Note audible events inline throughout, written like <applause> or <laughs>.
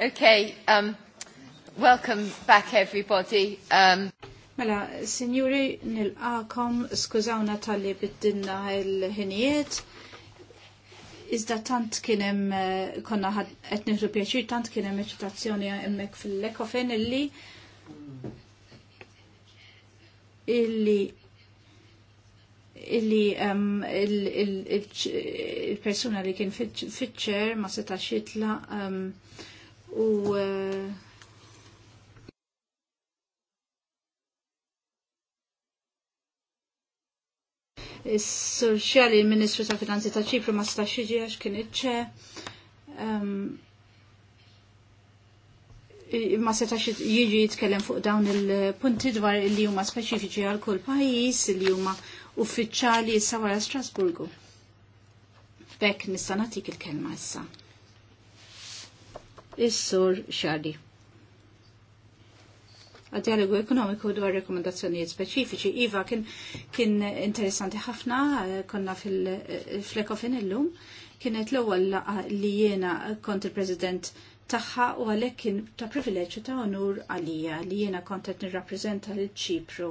Okay, um, welcome back everybody. Um, Mela, signori, nil-għakom, skużawna tal-li biddinna il-ħinijiet. Iżda tant kienem, konna għet nifru pjaċir, tant kienem eċitazzjoni emmek fil-lekofen illi illi illi il-persuna li kien fitċer ma setax jitla um, u eh, Is-Surxjali, il-Ministru ta' Finanzi ta' Ċipru ma stax jiġi għax kien iċċe. Ma setax jiġi jitkellem fuq dawn il-punti dwar li huma speċifiċi għal kull pajjiż li huma uffiċjali issa wara Strasburgu. Bekk nista' nagħtik il-kelma issa is-sur Xadi. Għad-dialogu ekonomiku dwar rekomendazzjonijiet speċifiċi. Iva kien, kien interessanti ħafna, eh, konna fil-flekofin eh, illum, kienet l-ewwel li jiena kont il-President tagħha u għalhekk kien ta' privileġġju ta' onur għalija li jiena kont qed nirrappreżenta l ċipru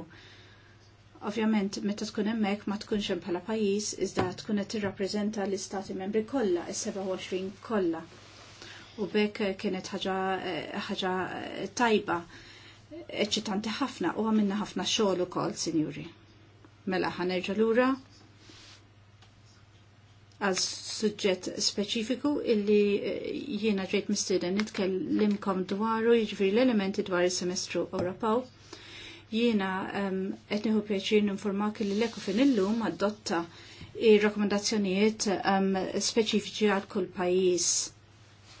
Ovvjament, meta tkun hemmhekk ma tkunx hemm bħala pajjiż iżda tkun qed tirrappreżenta l-istati membri kollha, is-27 kollha u bekk kienet ħaġa eh, eh, tajba eċċitanti ħafna u għamilna ħafna xogħol ukoll, sinjuri. Mela nerġa' lura għal suġġett speċifiku illi eh, jiena ġejt mistieden nitkellimkom dwaru jiġri l-elementi dwar is-semestru Ewropew. Jiena ehm, qed nieħu pjaċir ninformak li l-Ekofin illum adotta ir-rakkomandazzjonijiet ehm, speċifiċi għal kull pajjiż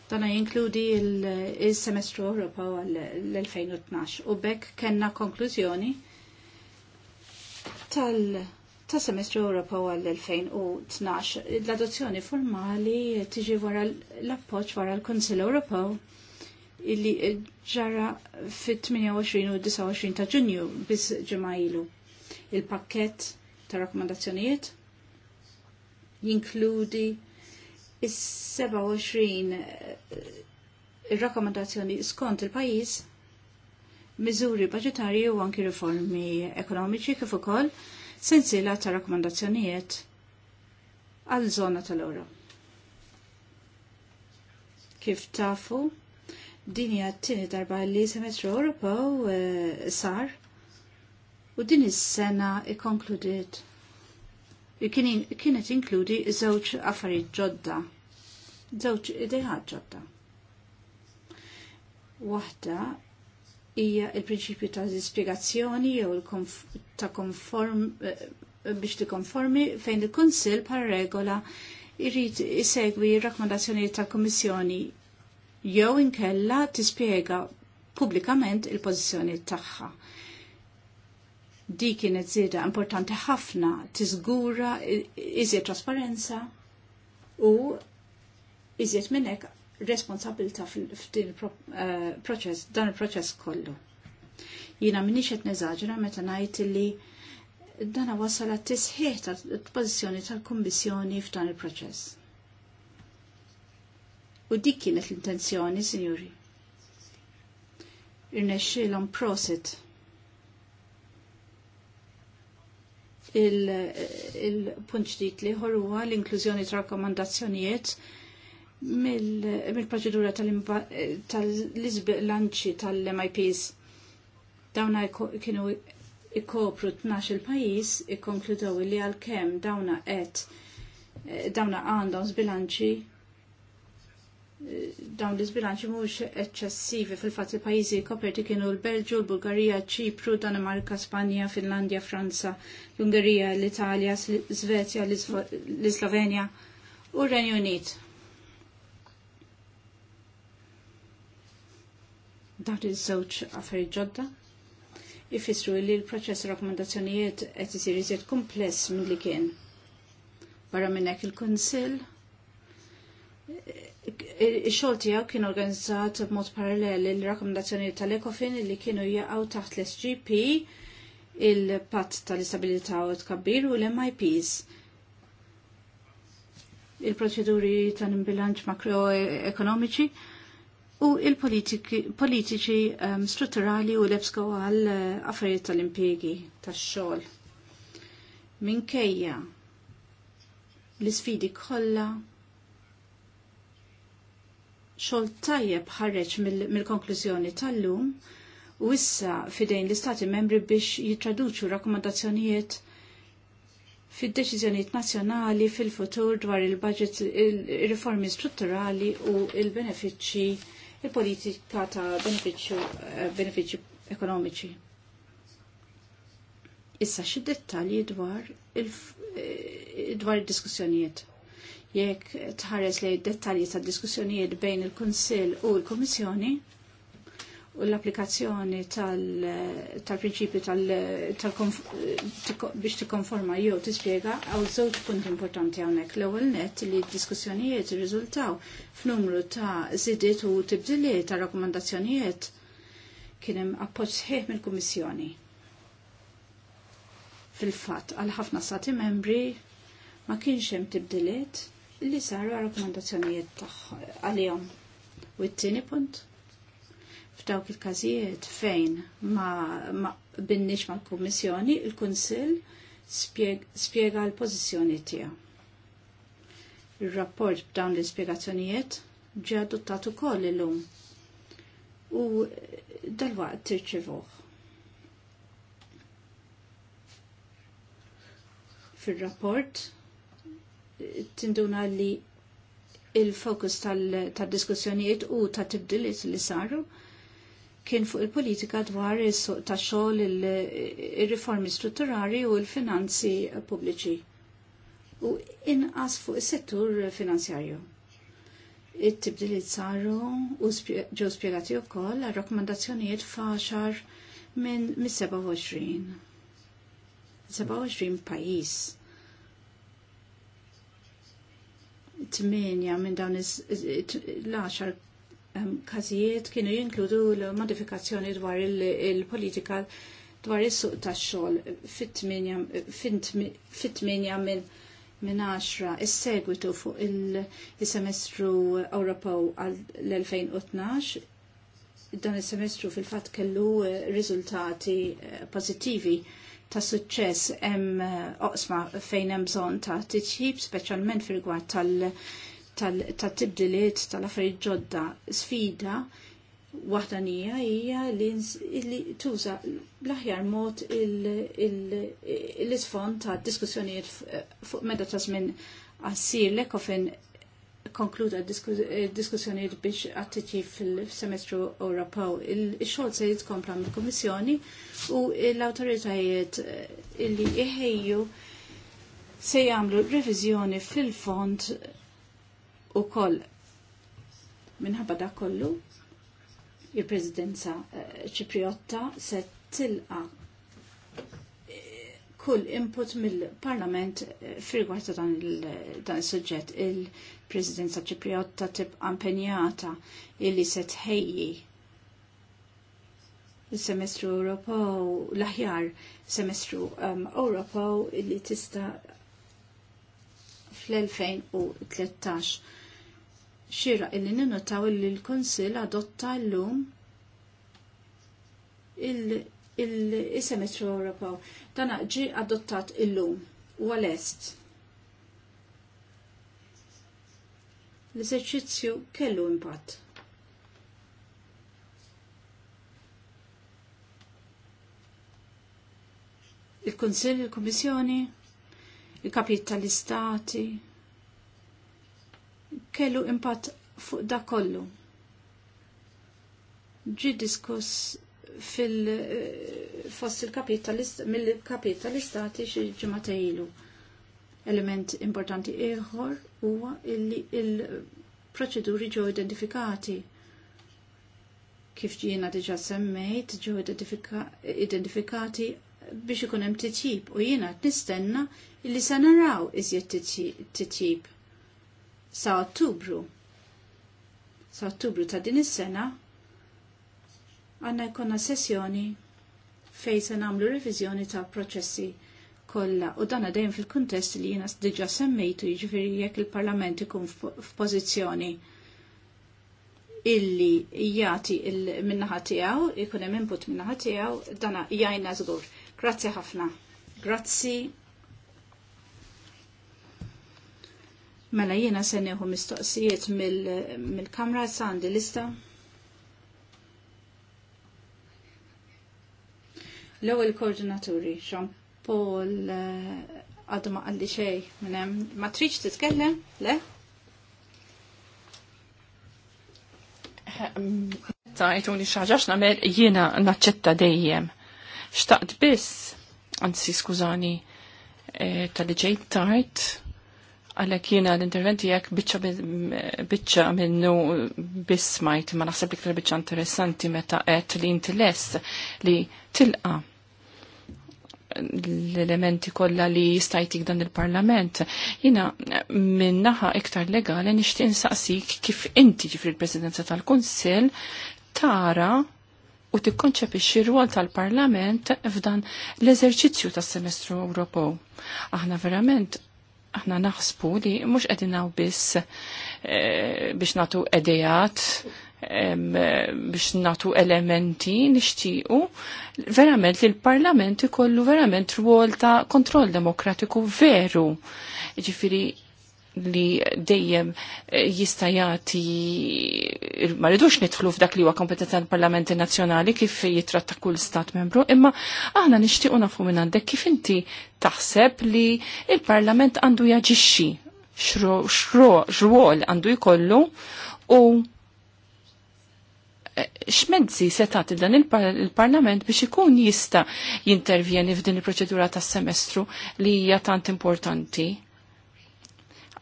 Dana jinkludi il-semestru Europa l-2012 u bekk kenna konklużjoni tal- semestru Europa għall-2012. L-adozzjoni formali tiġi wara l-appoġġ wara l-Kunsill Ewropew illi ġara fit-28 u 29 ta' ġunju biz ġemajlu. Il-pakket ta' rakkomandazzjonijiet jinkludi is-27 eh, ir-rakkomandazzjoni skont il-pajjiż miżuri budgetari u anki riformi ekonomiċi kif ukoll sensiela ta' rakkomandazzjonijiet għal żona tal-Ewro. Kif tafu, din hija t-tieni darba li semestru Ewropew eh, sar u din is-sena ikkonkludiet kienet inkludi żewġ affarijiet ġodda. Żewġ ideħat ġodda. Waħda hija il-prinċipju ta' dispiegazzjoni jew ta' konform eh, biex tikkonformi fejn il-Kunsill par regola irrid isegwi r-rakkomandazzjonijiet tal-Kummissjoni jew inkella tispjega pubblikament il-pożizzjoni tagħha. Di kienet zieda importanti ħafna tiżgura iżjed trasparenza u iżjed minnek responsabilta f'din eh, proċess, dan il-proċess kollu. Jina minix qed neżaġra meta ngħid li dana wasal għat-tisħiħ tal-pożizzjoni tal-Kummissjoni f'dan il-proċess. U dik kienet l-intenzjoni, sinjuri. Irnexxielhom prosit il-punt ġdid li huwa l-inklużjoni ta' rakkomandazzjonijiet mill-proċedura tal lanċi tal-MIPs. Dawna kienu ikopru 12 pajis ikkonkludew li għal-kem dawna eh, dawna għandhom zbilanċi dawn l-izbilanċi mhux eċċessivi fil-fatt il-pajjiżi koperti kienu l-Belġu, l-Bulgarija, Ċipru, Danimarka, Spanja, Finlandja, Franza, l-Ungerija, l-Italja, Svezja, l-Slovenja u r-Renju Unit. Dawn iż-żewġ affarijiet ġodda ifissru li l-proċess rakkomandazzjonijiet qed isir iżjed kumpless milli kien. Barra minn hekk il-Kunsill Ix-xogħol tiegħu kien organizzat b'mod paralleli l-rakkomandazzjoni tal-Ecofin li kienu jaqgħu taħt l-SGP il-Patt tal-Istabilità u tkabbir u l-MIPs. Il-proċeduri tal-imbilanċ makroekonomiċi u il-politiċi um, ehm, strutturali u l-ebsko għal eh, affarijiet tal-impjegi tax-xogħol. Minkejja l-isfidi kollha xogħol tajjeb ħareġ mill-konklużjoni mil tal-lum u issa fidejn l-Istati membri biex jitraduċu rakkomandazzjonijiet fid-deċiżjonijiet nazzjonali fil-futur dwar il-budget il-riformi strutturali u il-benefiċċji il-politika ta' benefiċċju eh, ekonomiċi. Issa xi dettalji dwar eh, dwar id-diskussjonijiet jekk tħares li dettalji ta' diskussjonijiet bejn il-Kunsill u l-Komissjoni u l-applikazzjoni tal-prinċipju biex tikkonforma jew tispjega għaw żewġ punt importanti hawnhekk. L-ewwel nett li d-diskussjonijiet irriżultaw f'numru ta' zidiet u tibdiliet ta' rakkomandazzjonijiet kien hemm sħiħ mill-Kummissjoni. Fil-fatt għal ħafna stati membri ma kienx hemm tibdiliet li saru rakkomandazzjonijiet għalihom. U t-tieni punt, f'dawk il-każijiet fejn ma, ma binnix mal-Kummissjoni, il-Kunsill spjega l-pożizzjoni tiegħu. Il-rapport b'dawn l-ispjegazzjonijiet ġie adottat ukoll illum u dal-waqt tirċivuh. Fil-rapport tinduna li il-fokus tal-diskussjonijiet u ta' tibdiliet li saru kien fuq il-politika dwar is-suq ta' xogħol ir-riformi strutturali u l-finanzi pubbliċi u inqas fuq is-settur finanzjarju. It-tibdiliet saru u ġew spjegati wkoll għar-rakkomandazzjonijiet faxar minn mis-27. 27 pajjiż tminja minn dawn l għaxar ehm, każijiet kienu jinkludu l-modifikazzjoni dwar il-politika dwar is-suq tax-xogħol fit-tminja minn minn 10 is-segwitu fuq il-semestru Ewropew għal l-2012 dan is-semestru fil-fatt kellu eh, riżultati eh, pożittivi ta' suċċess hemm eh, oqsma fejn hemm bżonn ta' titjib speċjalment fil-gwad tal-tibdiliet tal-affarijiet ġodda sfida waħda nija hija li tuża l-aħjar mod l-isfond ta' diskussjonijiet fuq meta ta' żmien għassir u fejn konkluda eh, diskussjoni biex għattiti fil-semestru Ewropew. Il-xogħol se jitkompla mill-Kummissjoni u l-awtoritajiet eh, illi iħejju se jagħmlu reviżjoni fil-fond ukoll. Minħabba dak kollu, il-Presidenza eh, Ċipriotta se tilqa' kull input mill-Parlament eh, firgwar ta' dan il suġġett il-Presidenza Ċipriotta tibqa' impenjata illi se tħejji il-semestru Ewropew l-aħjar semestru um, Ewropew illi tista' fl-2013 xira illi ninnotaw li l-Konsil adotta l-lum il- il-semestru Ewropew. Dan ġi adottat illum u għal-est. L-eżerċizzju kellu impatt. Il-Konsil, il-Komissjoni, il-Kapit tal-Istati, kellu impatt fuq da kollu. Ġi diskuss fil-fost il-kapit tal-istati xi ġimgħa ilu. Element importanti ieħor huwa li il-proċeduri ġo identifikati kif ġiena diġa' semmejt ġo identifikati biex ikun hemm titjib u jiena nistenna li se naraw iżjed titjib sa Ottubru. Sa Ottubru ta' din is-sena għanna jkonna sessjoni fej se namlu revizjoni ta' proċessi kollha u danna dejjem fil-kuntest li jiena diġà semmejtu jiġifieri jekk il-Parlament ikun f'pożizzjoni illi jagħti il minnaħa tiegħu ikun hemm input minnaħa tiegħu dan jgħinna żgur. Grazzi ħafna. Grazzi. Mela jiena se nieħu mistoqsijiet mill-Kamra mil sandi lista. L-ewwel koordinaturi xom, Paul eh, għadu ma għalli xej minn matriċ ma trix titkellem le? jtuni xaġax namel jiena naċċetta dejjem. Xtaqt biss, anzi skużani, eh, tal-li ġejt tajt, għalek jiena l-interventi jek bicċa minnu bismajt ma naħseb iktar bicċa interessanti meta qed li inti lest li tilqa l-elementi kollha li jistajtik dan il-Parlament. Jina minnaħa iktar legali nixtieq insaqsik kif inti ġifri l-Presidenza tal-Kunsill tara u tikkonċepixxi r-rwol tal-Parlament f'dan l-eżerċizzju tas-Semestru Ewropew. Aħna verament aħna naħsbu li mhux qegħdin biss eh, biex nagħtu edejat biex natu elementi nixtiequ verament li l-parlament ikollu verament rwol ta' kontroll demokratiku veru. Ġifiri li dejjem eh, jista' ma rridux nidħlu f'dak li huwa kompetenza tal-Parlamenti Nazzjonali kif jitratta kull stat membru, imma aħna nixtiequ nafu minn għandek kif inti taħseb li il-Parlament għandu jaġixxi x'ruol għandu jkollu u X'menzi se tagħti dan il-Parlament biex ikun jista' jintervjeni f'din il-proċedura tas-semestru li hija tant importanti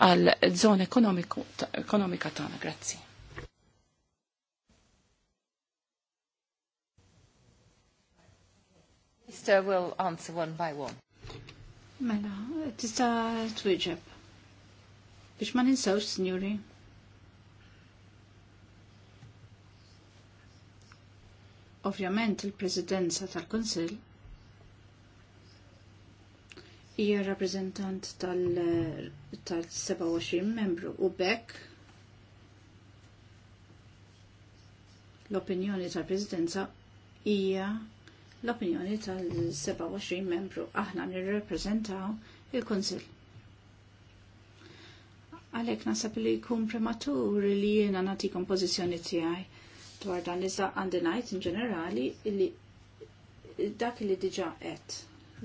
għal zon ekonomika tagħna. Grazzi. Mr. will answer one by one. Mela, tista' twieġeb. Biex ma ninsawx, Signori. Ovvjament il-Presidenza tal-Kunsill hija rappreżentant tal-27 tal membru u bekk l-opinjoni tal-Presidenza hija l-opinjoni tal-27 membru aħna nirrepreżentaw il-Kunsill għalek nasab li jkun prematur li jena nagħtikom pożizzjoni tijaj dwar dan iżda għandi ngħid in ġenerali li dak li diġà qed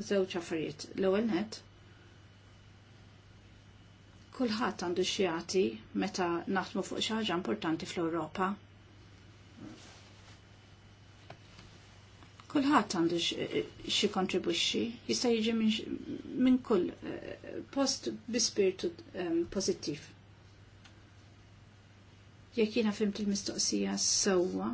żewġ affarijiet. L-ewwel net kulħadd għandu xi jagħti meta naħdmu fuq xi ħaġa importanti fl-Ewropa. Kulħadd għandu xi kontribwixxi, jista' jiġi minn kull eh, post bi spiritu um, pożittiv. Jekk jiena fimt il-mistoqsija sewwa,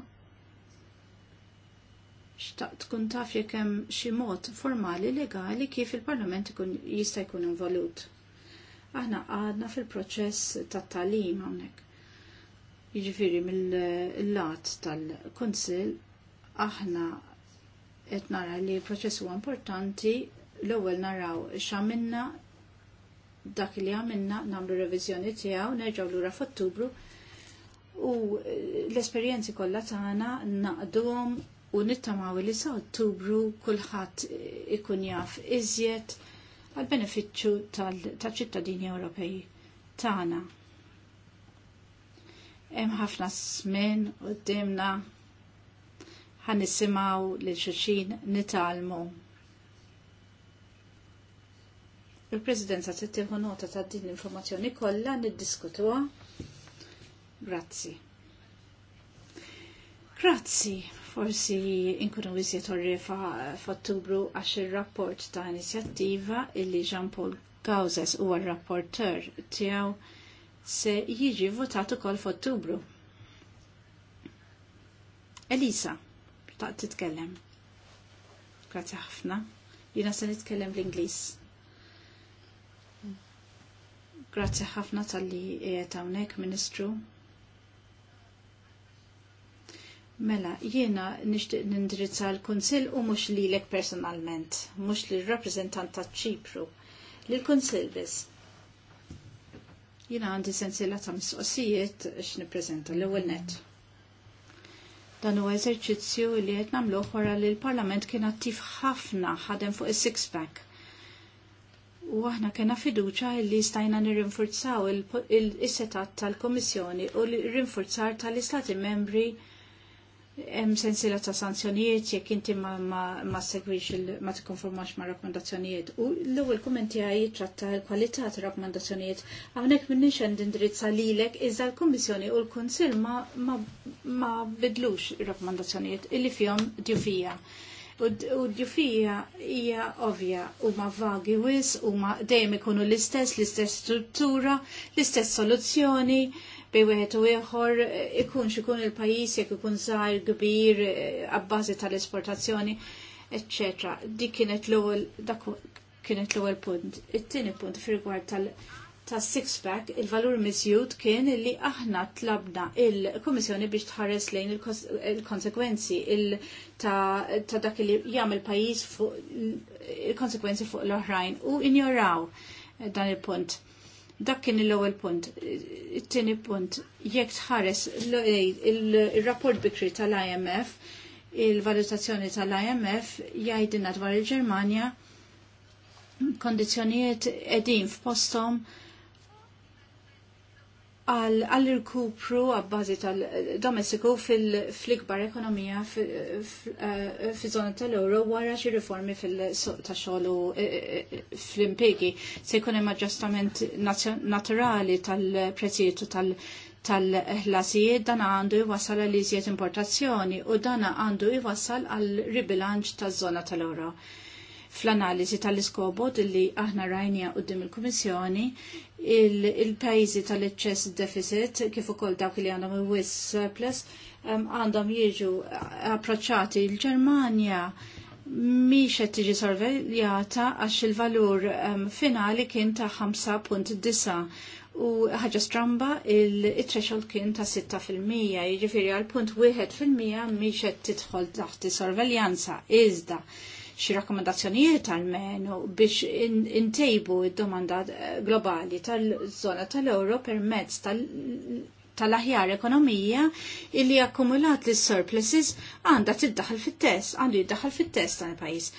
xtaqt tkun taf jekk hemm xi mod formali legali kif il-Parlament jista' jkun involut. Aħna għadna fil-proċess tat-talim hawnhekk. Jiġifieri mill-lat tal-Kunsill aħna qed nara li l-proċess huwa importanti l-ewwel naraw x'għamilna dak li għamilna nagħmlu reviżjoni tiegħu nerġgħu lura f'Ottubru u eh, l-esperjenzi kollha tagħna naqduhom u nittamaw li sa ottubru kulħadd eh, ikun jaf iżjed għal benefiċċju tal-ċittadini Ewropej tagħna. Hemm ħafna smin qudiemna ħan nisimgħu lil xulxin nitalmu. Il-Presidenza tittieħu nota ta' din l-informazzjoni kollha niddiskutuha Grazzi. Grazzi, forsi inkunu viżiet orrifa f'Ottubru għax ir-rapport ta' inizjattiva illi Jean Paul Gauzes huwa r-rapporter tiegħu se jiġi votat ukoll f'Ottubru. Elisa, ta' titkellem. Grazzi ħafna. Jina se nitkellem l-Inglis. Grazzi ħafna tal-li ta' hawnhekk Ministru. Mela, jiena nixtieq nindirizza l-Kunsill u mhux lilek personalment, mhux l rappreżentant ta' Ċipru, lill-Kunsill biss. Jiena għandi sensila ta' mistoqsijiet x'nippreżenta l-ewwel nett dan huwa eżerċizzju li qed nagħmluh wara li l-Parlament kien attiv ħafna ħadem fuq is-six pack. U aħna kena fiduċa li stajna nirrinforzaw is setat tal-Komissjoni u l-rinforzar tal-Istati membri hemm sensiela ta' sanzjonijiet jekk inti ma, ma, ma segwix ma tikkonformax ma' rakkomandazzjonijiet. U l-ewwel kumment tiegħi jitratta l-kwalità ta' rakkomandazzjonijiet. Hawnhekk m'inniex għandi indirizza lilek iżda l-Kummissjoni u l-Kunsill ma, ma, ma bidlux rakkomandazzjonijiet illi fihom djufija. U d-djufija hija ovvja huma vagi wis huma dejjem ikunu l-istess, l-istess struttura, l-istess soluzzjoni bej wieħed u ieħor ikunx eh, ikun il-pajjiż jekk ikun żgħir kbir eh, abbażi tal-esportazzjoni, eċċetera. Dik kienet l-ewwel dak kienet l-ewwel punt. It-tieni punt fir-rigward tal- ta' six pack il-valur misjut kien li aħna tlabna il-Komissjoni biex tħares lejn il-konsekwenzi il ta', ta dak li jagħmel pajjiż fuq il-konsekwenzi fuq l-oħrajn u injoraw dan il-punt. Dak kien l-ewwel punt. It-tieni punt, jekk tħares il-rapport bikri tal-IMF, il-valutazzjoni tal-IMF jgħidilna dwar il-Ġermanja kondizjonijiet edin f'postom għall-irkupru għabbażi tal-domestiku fil-ikbar ekonomija fil-zona eh, tal-euro wara xi riformi fil-suq ta' xogħol eh, eh, fl impegi se jkun hemm aġġustament naturali tal-prezzijiet tal- tal-ħlasijiet dan għandu jwassal għal iżjed importazzjoni u dan għandu jwassal għal ribilanċ taż-żona tal-euro fl-analiżi tal iskobot li aħna rajnija qudiem il-Kummissjoni il-pajjiżi tal-eċċess deficit kif ukoll dawk li għandhom il-wis surplus għandhom jiġu approċċati l-Ġermanja miex qed tiġi sorveljata għax il-valur finali kien ta' 5.9 u ħaġa stramba il-threshold kien ta' 6% jiġifieri għal punt 1% miex qed tidħol taħt sorveljanza iżda xi rakkomandazzjonijiet għalmenu biex intejbu in id-domanda eh, globali tal-żona tal-Euro permezz tal-aħjar tal ekonomija illi akkumulat l surpluses għandha tiddaħħal fit-test, għandu jiddaħħal fit-test tal-pajjiż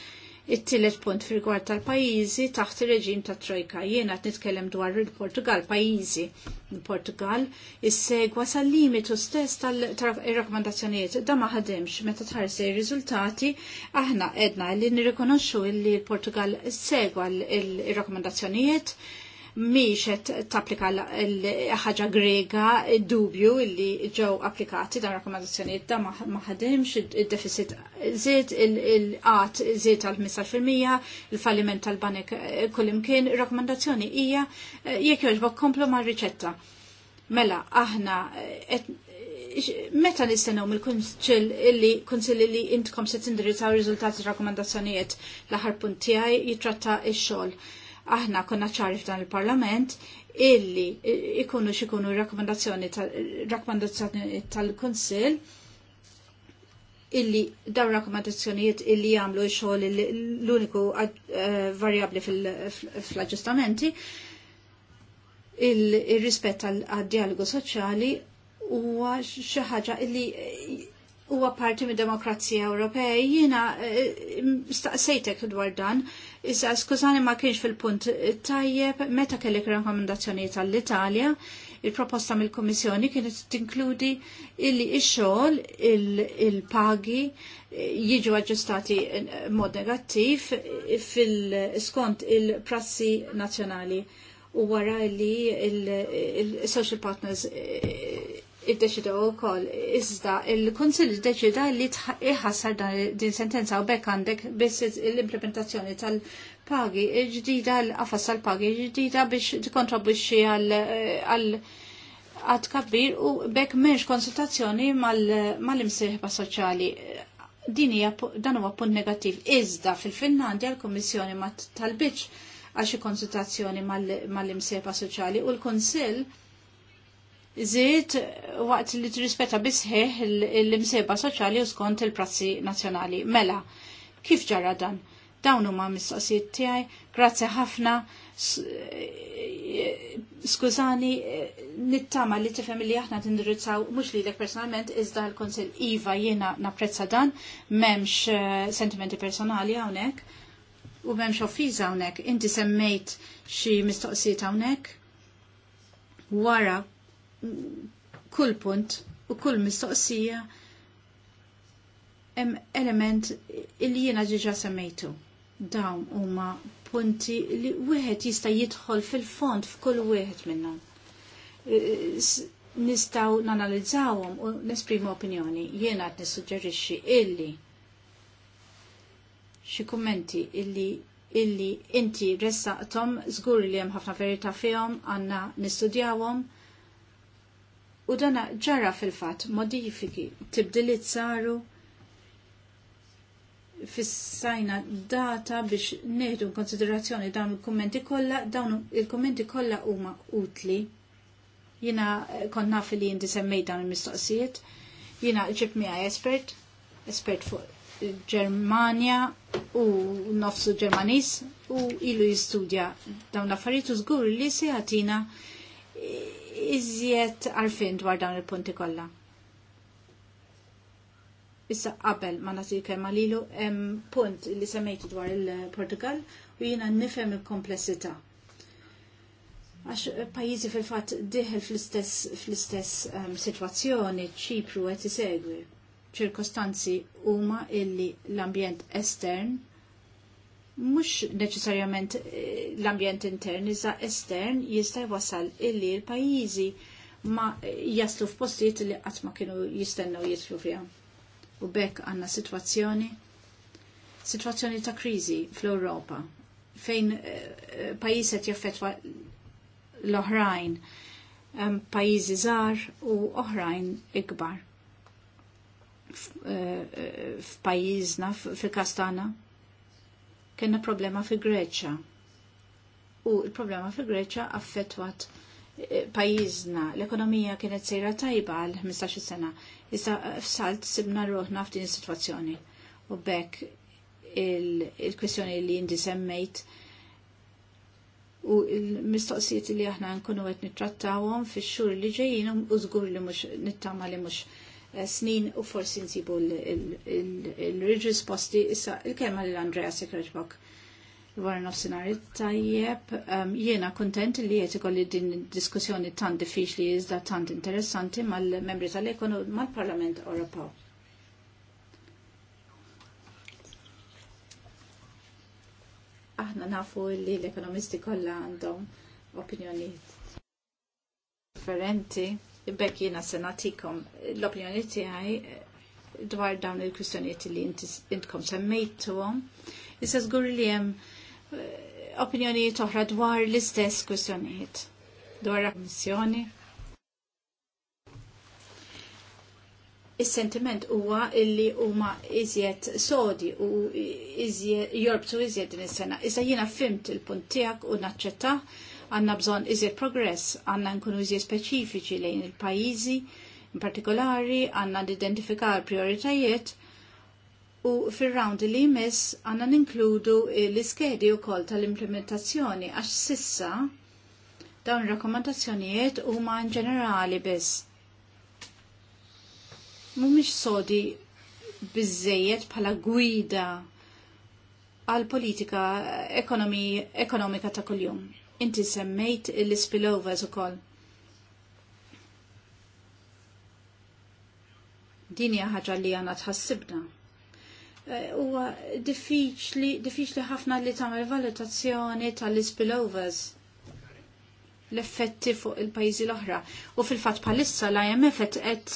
it-tielet punt fil-gwar tal-pajizi taħt il-reġim ta' trojka. Jiena qed nitkellem dwar il-Portugal pajizi. Il-Portugal segwa sal-limitu stess tal-rakkomandazzjonijiet. Da ma ħademx meta tħarse r-riżultati aħna edna li nirrikonoxxu li l-Portugal segwa il-rakkomandazzjonijiet miex qed tapplika l-ħaġa grega dubju li ġew applikati dan rakkomandazzjonijiet da ma ħadimx id-deficit żied il-qat żied għal 15%, il-falliment tal-banek eh, kullimkien, rakkomandazzjoni hija eh, jekk joġbok komplu ma riċetta Mela, aħna eh, meta nistennew mill-kunsill illi kunsill illi intkom se tindirizzaw riżultati rakkomandazzjonijiet l-aħħar punt tiegħi jitratta x-xogħol aħna konna ċari f'dan il-Parlament illi ikunu xikunu rakkomandazzjoni tal-Konsil illi dawn rakkomandazzjonijiet illi jagħmlu x-xogħol l-uniku eh, varjabbli fl-aġġustamenti il-rispett għal dialogu soċjali huwa xi ħaġa illi huwa parti mid-demokrazija Ewropea. Jiena eh, staqsejtek dwar dan Issa skużani ma kienx fil-punt tajjeb meta kellek rakkomandazzjoni tal-Italja il-proposta mill-Komissjoni kienet tinkludi illi ix-xogħol il-pagi jiġu aġġustati mod negattiv fil-skont il-prassi nazzjonali u wara li il-social partners eh, id-deċida u kol. Iżda, il-Konsil id-deċida li iħassar din sentenza u bekk għandek biss l-implementazzjoni tal-pagi ġdida, l għafas tal-pagi ġdida biex t kontrabuxi għal għad kabbir u bekk menx konsultazzjoni mal imsirħba soċjali. Din hija dan huwa punt negattiv. Iżda fil-Finlandja l-Kummissjoni ma talbitx biċ għaxi konsultazzjoni mal imsirħba soċjali u l kunsill Zid, waqt li t-rispetta bisħiħ l-imseba soċjali u skont il-prassi nazjonali. Mela, kif ġara dan? Dawn huma mistoqsijiet tiegħi, grazzi ħafna, skużani, nittama li tifhem li aħna tindirizzaw mhux lilek personalment iżda l-Konsil Iva jiena napprezza dan, m'hemmx eh, sentimenti personali hawnhekk u m'hemmx offiża hawnhekk. Inti semmejt xi mistoqsijiet hawnhekk wara kull punt u kull mistoqsija hemm element li jiena ġiġa semmejtu. Dawn huma punti li wieħed jista' jidħol fil-fond f'kull wieħed minnhom. E, e, Nistgħu nanalizzawhom u nesprimu opinjoni. Jiena qed nissuġġerixxi illi xi kummenti illi illi inti ressaqthom żgur li hemm ħafna verità fihom għandna nistudjawhom U dana ġara fil-fat modifiki tibdiliet saru fissajna data biex neħdu konsiderazzjoni dawn il-kommenti kollha, dawn il-kommenti kollha huma utli. Jina eh, kont naf li jinti semmej dawn il-mistoqsijiet. Jina ġib miegħi espert, espert fuq Ġermanja u nofsu Ġermanis u ilu jistudja dawn l-affarijiet u żgur li se jagħtina eh, iżjed għarfien dwar dawn il-punti kollha. Issa qabel ma nagħti kemm għalilu hemm punt li semmejtu dwar il-Portugal u jiena nifhem il-komplessità. Għax eh, pajjiżi fil-fatt diħel fl-istess fl-istess ehm, sitwazzjoni ċipru qed isegwi ċirkostanzi huma illi l-ambjent estern mux neċessarjament eh, l-ambjent intern, iżda estern jista' jwasal illi l-pajjiżi ma eh, jaslu f'postijiet li qatt ma kienu jistennew jitlu fiha. U bekk għandna sitwazzjoni sitwazzjoni ta' kriżi fl-Ewropa fejn eh, pajjiż qed jaffettwa l-oħrajn pajjiżi żgħar u oħrajn ikbar f'pajjiżna fil-kastana kena problema fi Greċa. U il-problema fi Greċa affettwat eh, pajizna. L-ekonomija kienet sejra tajba għal 15 sena. Issa eh, f'salt sibna roħna f'din is-sitwazzjoni. U bekk il-kwestjoni il li jindi semmejt u il-mistoqsijiet li aħna nkunu għet nittrattawhom fix-xhur li ġejjin u żgur li mhux nittama li mhux Eh, snin u forsi nsibu l-risposti. Issa, il-kelma l-Andrea Sekreġbok dwar nofsinari tajjeb. Jiena kontent li jiet ikolli din diskussjoni tant diffiċli iżda tant interessanti mal-membri tal ekonu mal-Parlament Ewropew. Aħna nafu li l-ekonomisti kollha għandhom opinjonijiet differenti Bekk jiena se nagħtikom l-opinjoni tiegħi eh, dwar dawn il-kwistjonijiet li intkom semmejtuhom. Issa żgur li hemm eh, opinjonijiet oħra dwar l-istess kwistjonijiet dwar l-missjoni. Is-sentiment huwa illi huma iżjed sodi u iżjed jorbtu iżjed din is-sena. Issa jiena fimt il-punt tiegħek u naċċettah Għanna bżon iżjed progress, għanna nkunu iżjed speċifiċi lejn il-pajizi, in partikolari għanna identifika prioritajiet u fil-round li jmiss għanna ninkludu l-iskedi u kol tal-implementazzjoni għax sissa dawn rakkomandazzjonijiet u ma' ġenerali biss. Mumiex sodi bizzejiet pala gwida għal politika ekonomika ta' kuljum. Inti semmejt l spillover ukoll. Din hija ħaġa li għana tħassibna. Eh, huwa diffiċli ħafna li tagħmel valutazzjoni tal-spillovers l-effetti fuq il-pajzi l-oħra. U fil-fat palissa l-IMF qed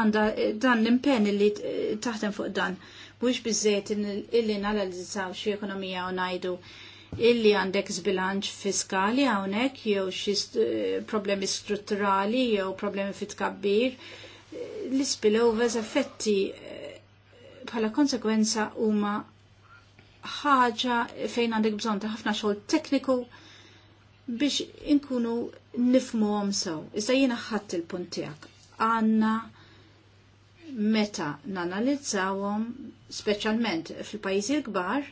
għanda dan l-impenn li taħdem fuq dan. Mhux biżejt illi nalalizzaw xi ekonomija u ngħidu illi għandek zbilanċ fiskali għawnek, jew xi eh, problemi strutturali, jew problemi fit tkabbir, eh, l-spillovers effetti eh, bħala konsekwenza huma ħaġa fejn għandek bżon ta' ħafna xogħol tekniku biex inkunu nifhmuhom sew. Iżda jiena ħadd il-punt tiegħek. Għandna meta nanalizzawhom speċjalment fil-pajjiżi l-kbar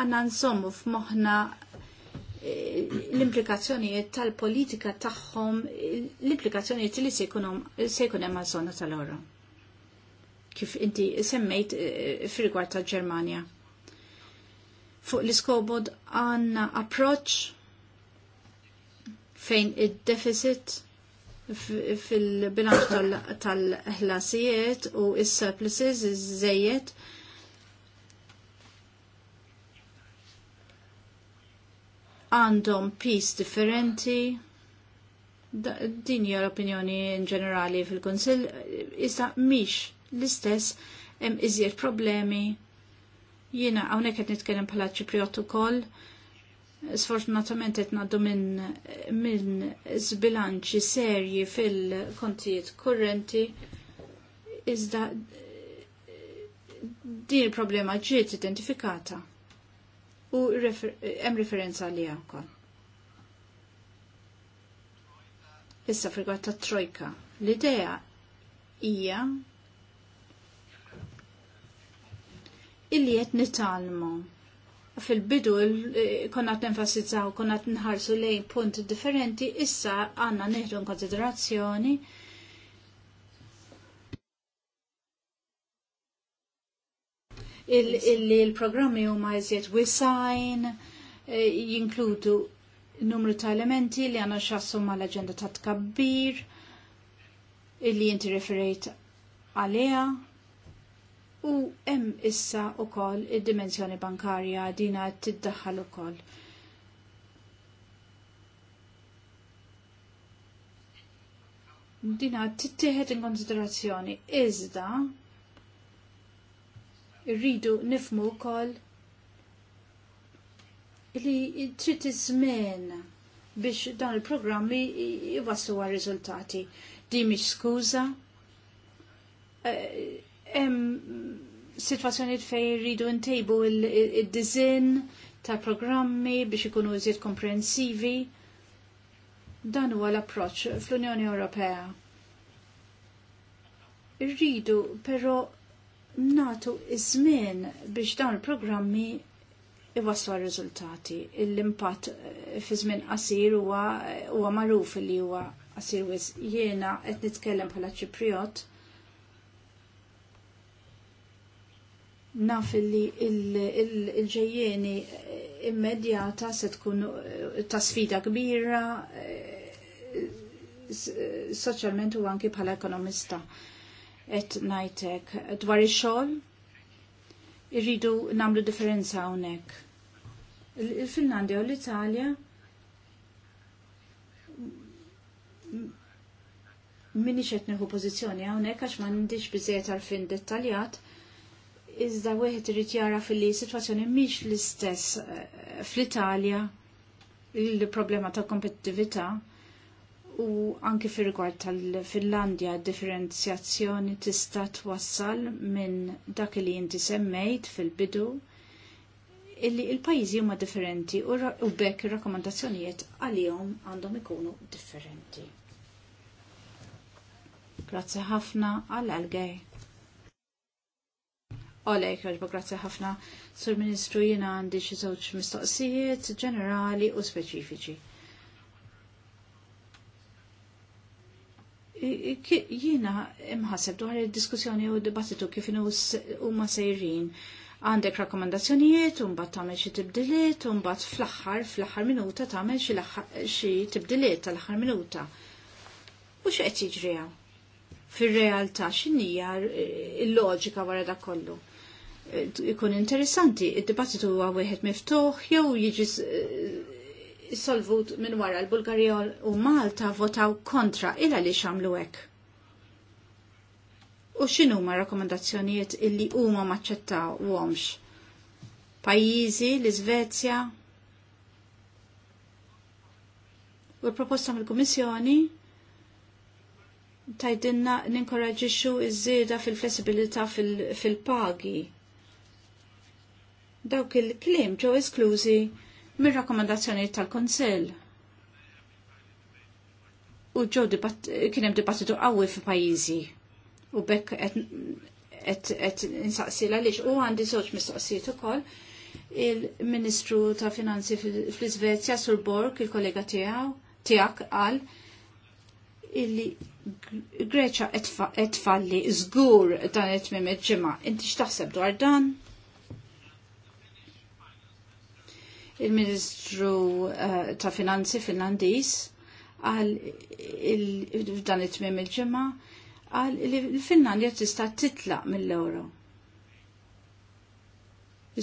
għanna nżommu f'moħna eh, l-implikazzjonijiet tal-politika tagħhom, l-implikazzjonijiet li se jkun hemm għaż-żona tal ora Kif inti semmejt eh, fir-rigward tal-Ġermanja. Fuq l-iskobod għanna approċċ fejn id-deficit fil-bilanċ tal-ħlasijiet u s-surpluses iż-żejjed għandhom pis differenti. din hija l-opinjoni in ġenerali fil-Kunsill iżda mhix l-istess hemm iżjed problemi. Jiena hawnhekk qed nitkellem bħala Ċipriot ukoll. Sfortunatament qed ngħaddu minn min żbilanċi serji fil-kontijiet kurrenti iżda din il-problema ġiet identifikata u hemm referenza li anka. Issa frigwat ta' trojka. L-idea hija illi qed nitalmu. Fil-bidu eh, konna t-enfasizzaw, konna t-nħarsu lejn punti differenti, issa għanna neħdu konsiderazzjoni konsiderazzjoni illi programmi huma iżjed wisajn, eh, jinkludu numru ta' elementi li għanna xassu ma' l-agenda ta' tkabbir, illi jinti referejt għalija, u hemm issa u kol id-dimensjoni bankarja dina tiddaħħal u kol. Dina tittieħed in konsiderazzjoni iżda Irridu nifmu wkoll li trid iż-żmien biex dan il-programmi jwaslu għal riżultati. Di mhix skuża. Eh, hemm sitwazzjonijiet fejn irridu ntejbu id-diżinn ta' programmi biex ikunu iżjed komprensivi. Dan huwa l-approċċ fl-Unjoni Ewropea. Irridu però natu iż-żmien biex dawn il-programmi iwaslu għal riżultati L-impatt eh, fi żmien qasir huwa magħruf li huwa qasir wis. Jiena qed nitkellem bħala Ċipriot naf li il-ġejjeni immedjata se tkun eh, ta' sfida kbira eh, soċjalment u anki bħala ekonomista et najtek dwar ix-xogħol irridu namlu differenza hawnhekk. Il-Finlandja u l-Italja minni xet neħu pozizjoni għawnek għax ma nindix bizziet għarfin dettaljat, iżda wieħed irrit jara fil-li situazzjoni miex l-istess eh, fl-Italja il-problema ta' kompetitivita' u anki fir rigward tal-Finlandja differenzjazzjoni tista' twassal minn dak li inti semmejt fil-bidu illi il-pajjiżi huma differenti u, u bekk ir-rakkomandazzjonijiet għalihom għandhom ikunu differenti. Grazzi ħafna għal għalgej. Olej, kħarġba, grazzi ħafna. Sur Ministru, jina għandi xi żewġ mistoqsijiet ġenerali u speċifiċi Jiena imħaseb dwar il-diskussjoni u dibattitu kif huma sejrin. Għandek rakkomandazzjonijiet, mbagħad tagħmel xi tibdiliet, u mbagħad fl-aħħar fl-aħħar minuta tagħmel xi tibdiliet tal-aħħar minuta. U x'qed jiġriha? Fir-realtà x'inhija l-loġika wara dak kollu? Eh, ikun interessanti, id-dibattitu huwa wieħed miftuħ jew jiġi solvut minn wara l-Bulgarija u Malta votaw kontra illa li xamlu hekk. U x'inhu ma rakkomandazzjonijiet illi huma maċċettaw womx? Pajjiżi l-Iżvezja u l-proposta mill-Kummissjoni tajdinna ninkoraġixxu iż-żieda fil-flessibilità fil-pagi. Dawk il-klim ġew esklużi mir rakkomandazzjoni tal-Konsil. U ġew kien hemm dibattitu qawwi fi pajizi. u bekk qed insaqsi għaliex u għandi żewġ mistoqsijiet ukoll il-Ministru ta' Finanzi fl-Iżvezja Sur Borg, il-kollega tiegħu tiegħek qal illi Greċa qed tfalli żgur dan it-tmiem ġimgħa Inti x'taħseb dwar dan? il-Ministru uh, ta' Finanzi Finlandis għal dan it-tmim il ġimgħa għal il-Finlandja tista' titlaq mill-euro.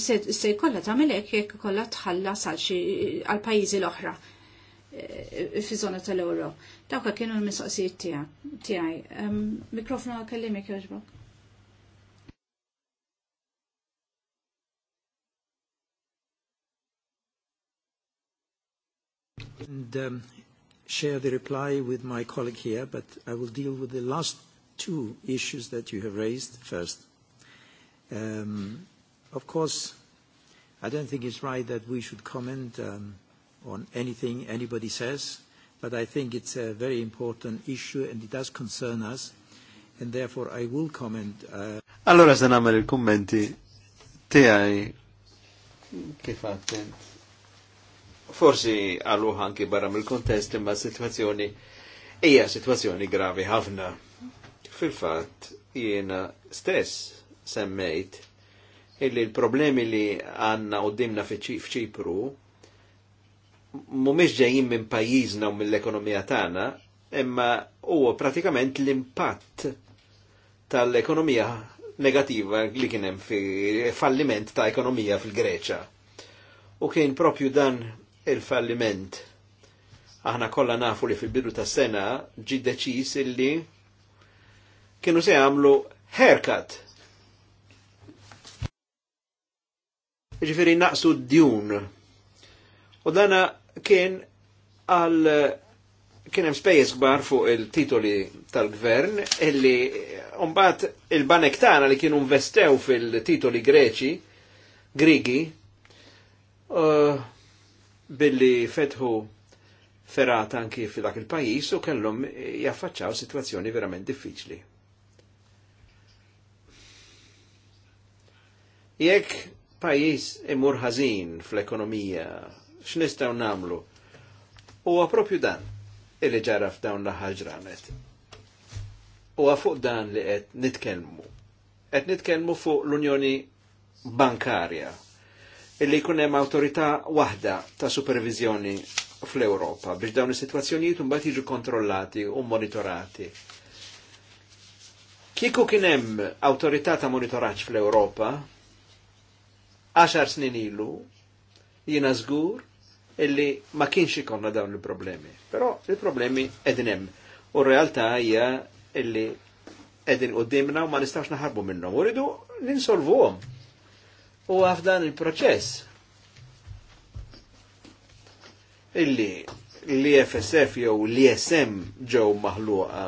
Se jkollha tagħmel hekk jekk ikollha tħallas għal xi għal pajjiżi l-oħra eh, fi zona tal-Euro. Dawka kienu l-mistoqsijiet tiegħi. Mikrofonu għal kellimek jogħġbok. And um, share the reply with my colleague here, but I will deal with the last two issues that you have raised first. Um, of course, I don't think it's right that we should comment um, on anything anybody says, but I think it's a very important issue and it does concern us, and therefore I will comment. Uh... Allora se namel il hai che fa attento forsi għallu anki barra mill-kontest imma situazzjoni hija situazzjoni gravi ħafna. Fil-fatt jiena stess semmejt illi l-problemi li għanna u dimna fċipru mumiex ġejjin minn pajjiżna u mill-ekonomija tagħna, imma huwa pratikament l-impatt tal-ekonomija negativa li kien hemm fi falliment ta' ekonomija fil-Greċa. U kien propju dan il-falliment. Aħna kollha nafu li fil-bidu ta' sena ġi deċis illi kienu se jagħmlu haircut. Ġifiri naqsu d-djun. U dana kien għal kien hemm spejjeż kbar fuq il-titoli tal-gvern illi mbagħad il-banek tagħna li kienu investew fil-titoli Greċi, Grigi, uh, billi fetħu ferata anki fil-dak il-pajis u kellhom jaffaċċaw situazzjoni verament diffiċli. Jekk pajis imur ħażin fl-ekonomija, x'nistgħu namlu? Huwa propju dan illi ġara f'dawn l-aħħar ġranet. Huwa fuq dan li qed nitkellmu. Qed nitkellmu fuq l-Unjoni Bankarja illi jkun hemm wahda waħda ta' supervizjoni fl europa biex dawn is-sitwazzjonijiet mbagħad jiġu kontrollati u monitorati. Kieku kien hemm awtorità ta' monitoraġġ fl-Ewropa, għaxar snin ilu, jina żgur illi ma kienx ikonna dawn il-problemi. Però il-problemi qegħdin hemm. U r-realtà hija illi qegħdin qudiemna u ma nistax naħarbu minnhom. Uridu ninsolvuhom u għafdan il-proċess. Illi l-IFSF jew l-ISM ġew maħluqa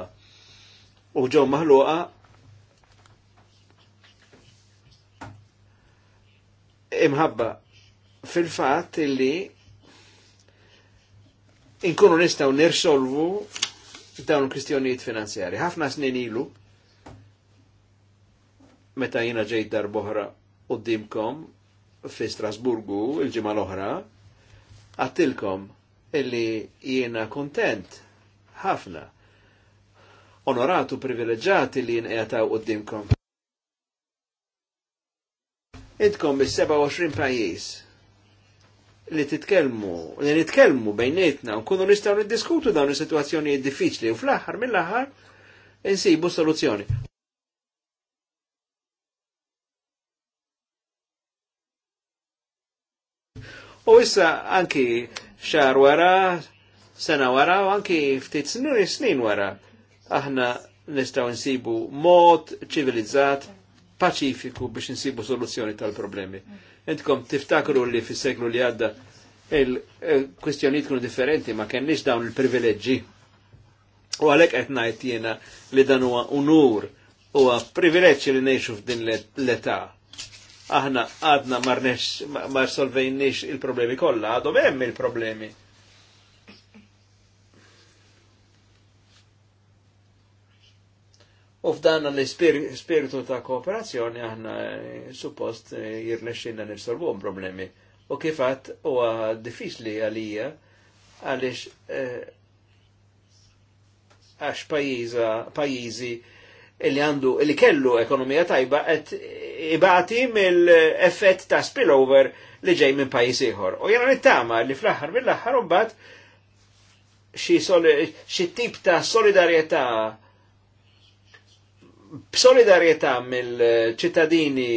u ġew maħluqa imħabba fil-fat illi inkunu nistaw nirsolvu dawn kwistjonijiet finanzjari. ħafna snin ilu, meta jina ġejt darboħra qoddimkom fi Strasburgu il-ġimgħa l-oħra għattilkom illi jiena kontent ħafna onoratu privileġġati li jinqetaw qoddimkom. Intkom mis 27 pajjiż li titkellmu, li nitkellmu bejnietna nkunu nistgħu niddiskutu dawn is-sitwazzjonijiet diffiċli u fl-aħħar mill-aħħar insibu soluzzjoni. U issa anki xar wara, sena wara, u anki ftit snin wara, aħna nistaw nsibu mod ċivilizzat, paċifiku biex nsibu soluzzjoni tal-problemi. Entkom tiftakru li fis seklu li għadda il-kwistjoniet kunu differenti, ma kenniex dawn il-privileġġi. U għalek qed ngħid jiena li dan huwa unur u privileġġ li neħxu f'din l-età aħna għadna marnex, ma solvejniex il-problemi kollha, għadhom hemm il-problemi. U f'dan l-spiritu ta' kooperazzjoni aħna eh, suppost eh, jirnexxinna nirsolvuhom problemi. U kifat huwa diffiċli għalija għaliex eh, għax pajjiżi. pajizi illi għandu illi kellu ekonomija tajba qed ibati mill-effett ta' spillover li ġej minn pajjiż ieħor. U jena nittama li fl-aħħar mill-aħħar mbagħad xi tip ta' solidarjetà b'solidarjetà mill-ċittadini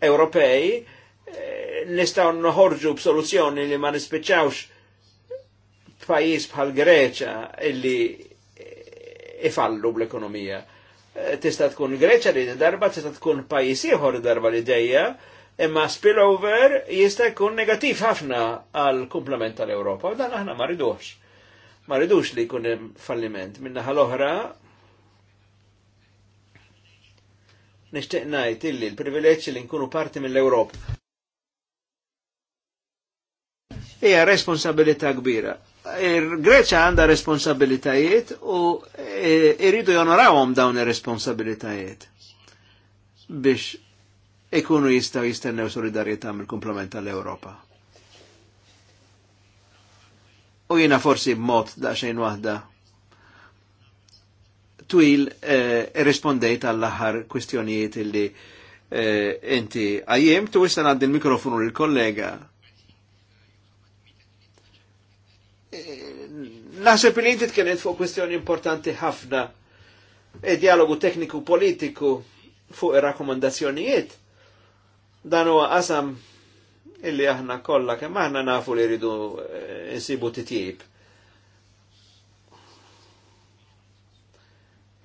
Ewropej eh, nistgħu noħorġu b'soluzzjoni li ma nispiċċawx pajis bħal Greċa illi ifallu bl-ekonomija tista' tkun Greċa li darba, tista' tkun pajis ieħor darba li dejja, imma spillover jista' jkun negativ ħafna għal kumplament tal-Ewropa, u dan aħna ma ridux. Ma ridux li jkun falliment. Minna l-oħra, nishtiq ngħid illi l privileċ li nkunu parti mill-Ewropa. Hija responsabilità kbira il-Greċa għanda responsabilitajiet u e, irridu jonorawhom dawn ir-responsabilitajiet biex ikunu jistaw jistennew solidarieta mill-komplement tal-Europa. U jina forsi mod da xejn wahda twil eh, għall-aħħar kwistjonijiet illi e, inti għajjem, tu issa għaddi il-mikrofonu l-kollega. Naħseb li inti tkellimt fuq kwestjoni importanti ħafna. Id-dialogu e tekniku politiku fuq ir-rakkomandazzjonijiet dan huwa qasam illi aħna kollha kemm aħna nafu li jridu eh, insibu titjib.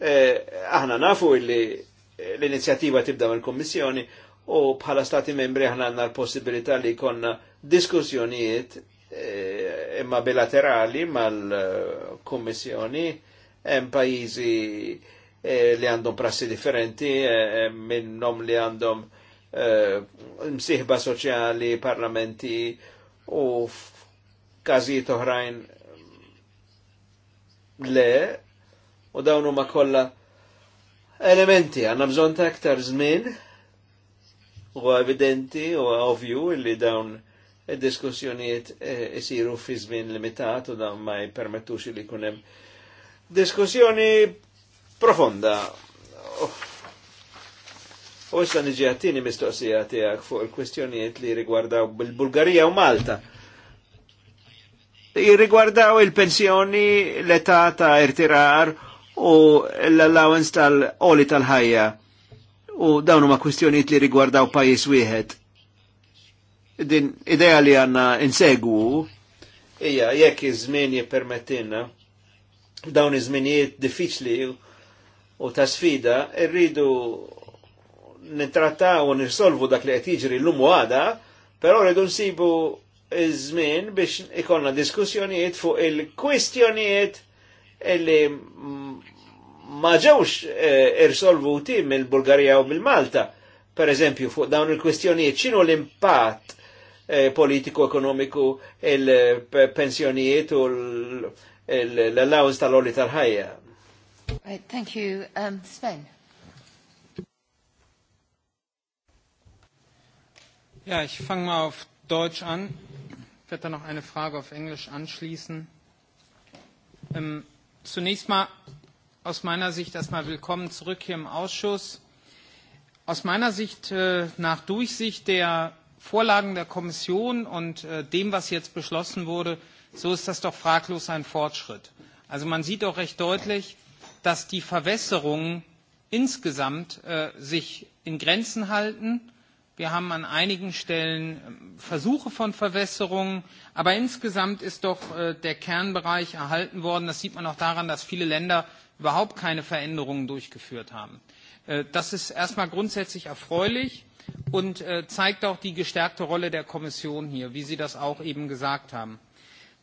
E, aħna nafu illi l-inizjattiva tibda mill-Kommissjoni u bħala stati membri aħna għandna l-possibilità li konna diskussjonijiet e, imma bilaterali mal-Kommissjoni hemm pajjiżi eh, li għandhom prassi differenti eh, eh, minnhom li għandhom msiħba soċjali, parlamenti u f'każijiet oħrajn le u dawn huma kollha elementi għandna bżonn ta' aktar żmien u evidenti u ovju illi dawn diskussjonijiet eh, isiru fi żmien limitat u dan ma jipermettux li jkun hemm diskussjoni profonda. Oh. U issa niġi għattini mistoqsija tiegħek fuq il-kwestjonijiet li rigwardaw bil-Bulgarija u Malta. Jirrigwardaw il-pensjoni, l-età ta' irtirar u l-allowance tal-oli tal-ħajja. U dawn huma kwistjonijiet li rigwardaw pajjiż wieħed din idea li għanna insegwu ija, jekk iż-żmien jippermettilna dawn iż-żminijiet diffiċli u ta' sfida irridu nintrattaw u nirsolvu dak li qed jiġri llum għada, però rridu nsibu iż-żmien biex ikonna diskussjonijiet fuq il-kwistjonijiet illi ma ġewx eh, irsolvuti mill-Bulgarija u mill-Malta. Per eżempju, fuq dawn il-kwistjonijiet, x'inhu l-impatt Eh, politiku ekonomiku il-pensjonijiet u l-allowance tal-oli tal-ħajja. Right, thank you. Um, Sven. Ja, ich fange mal auf Deutsch an. Ich werde dann noch eine Frage auf Englisch anschließen. Ähm, zunächst mal aus meiner Sicht erstmal willkommen zurück hier im Ausschuss. Aus meiner Sicht äh, nach Durchsicht der Vorlagen der Kommission und äh, dem, was jetzt beschlossen wurde, so ist das doch fraglos ein Fortschritt. Also man sieht auch recht deutlich, dass die Verwässerungen insgesamt äh, sich in Grenzen halten. Wir haben an einigen Stellen ähm, Versuche von Verwässerungen, aber insgesamt ist doch äh, der Kernbereich erhalten worden. Das sieht man auch daran, dass viele Länder überhaupt keine Veränderungen durchgeführt haben. Äh, das ist erstmal grundsätzlich erfreulich und äh, zeigt auch die gestärkte Rolle der Kommission hier, wie Sie das auch eben gesagt haben.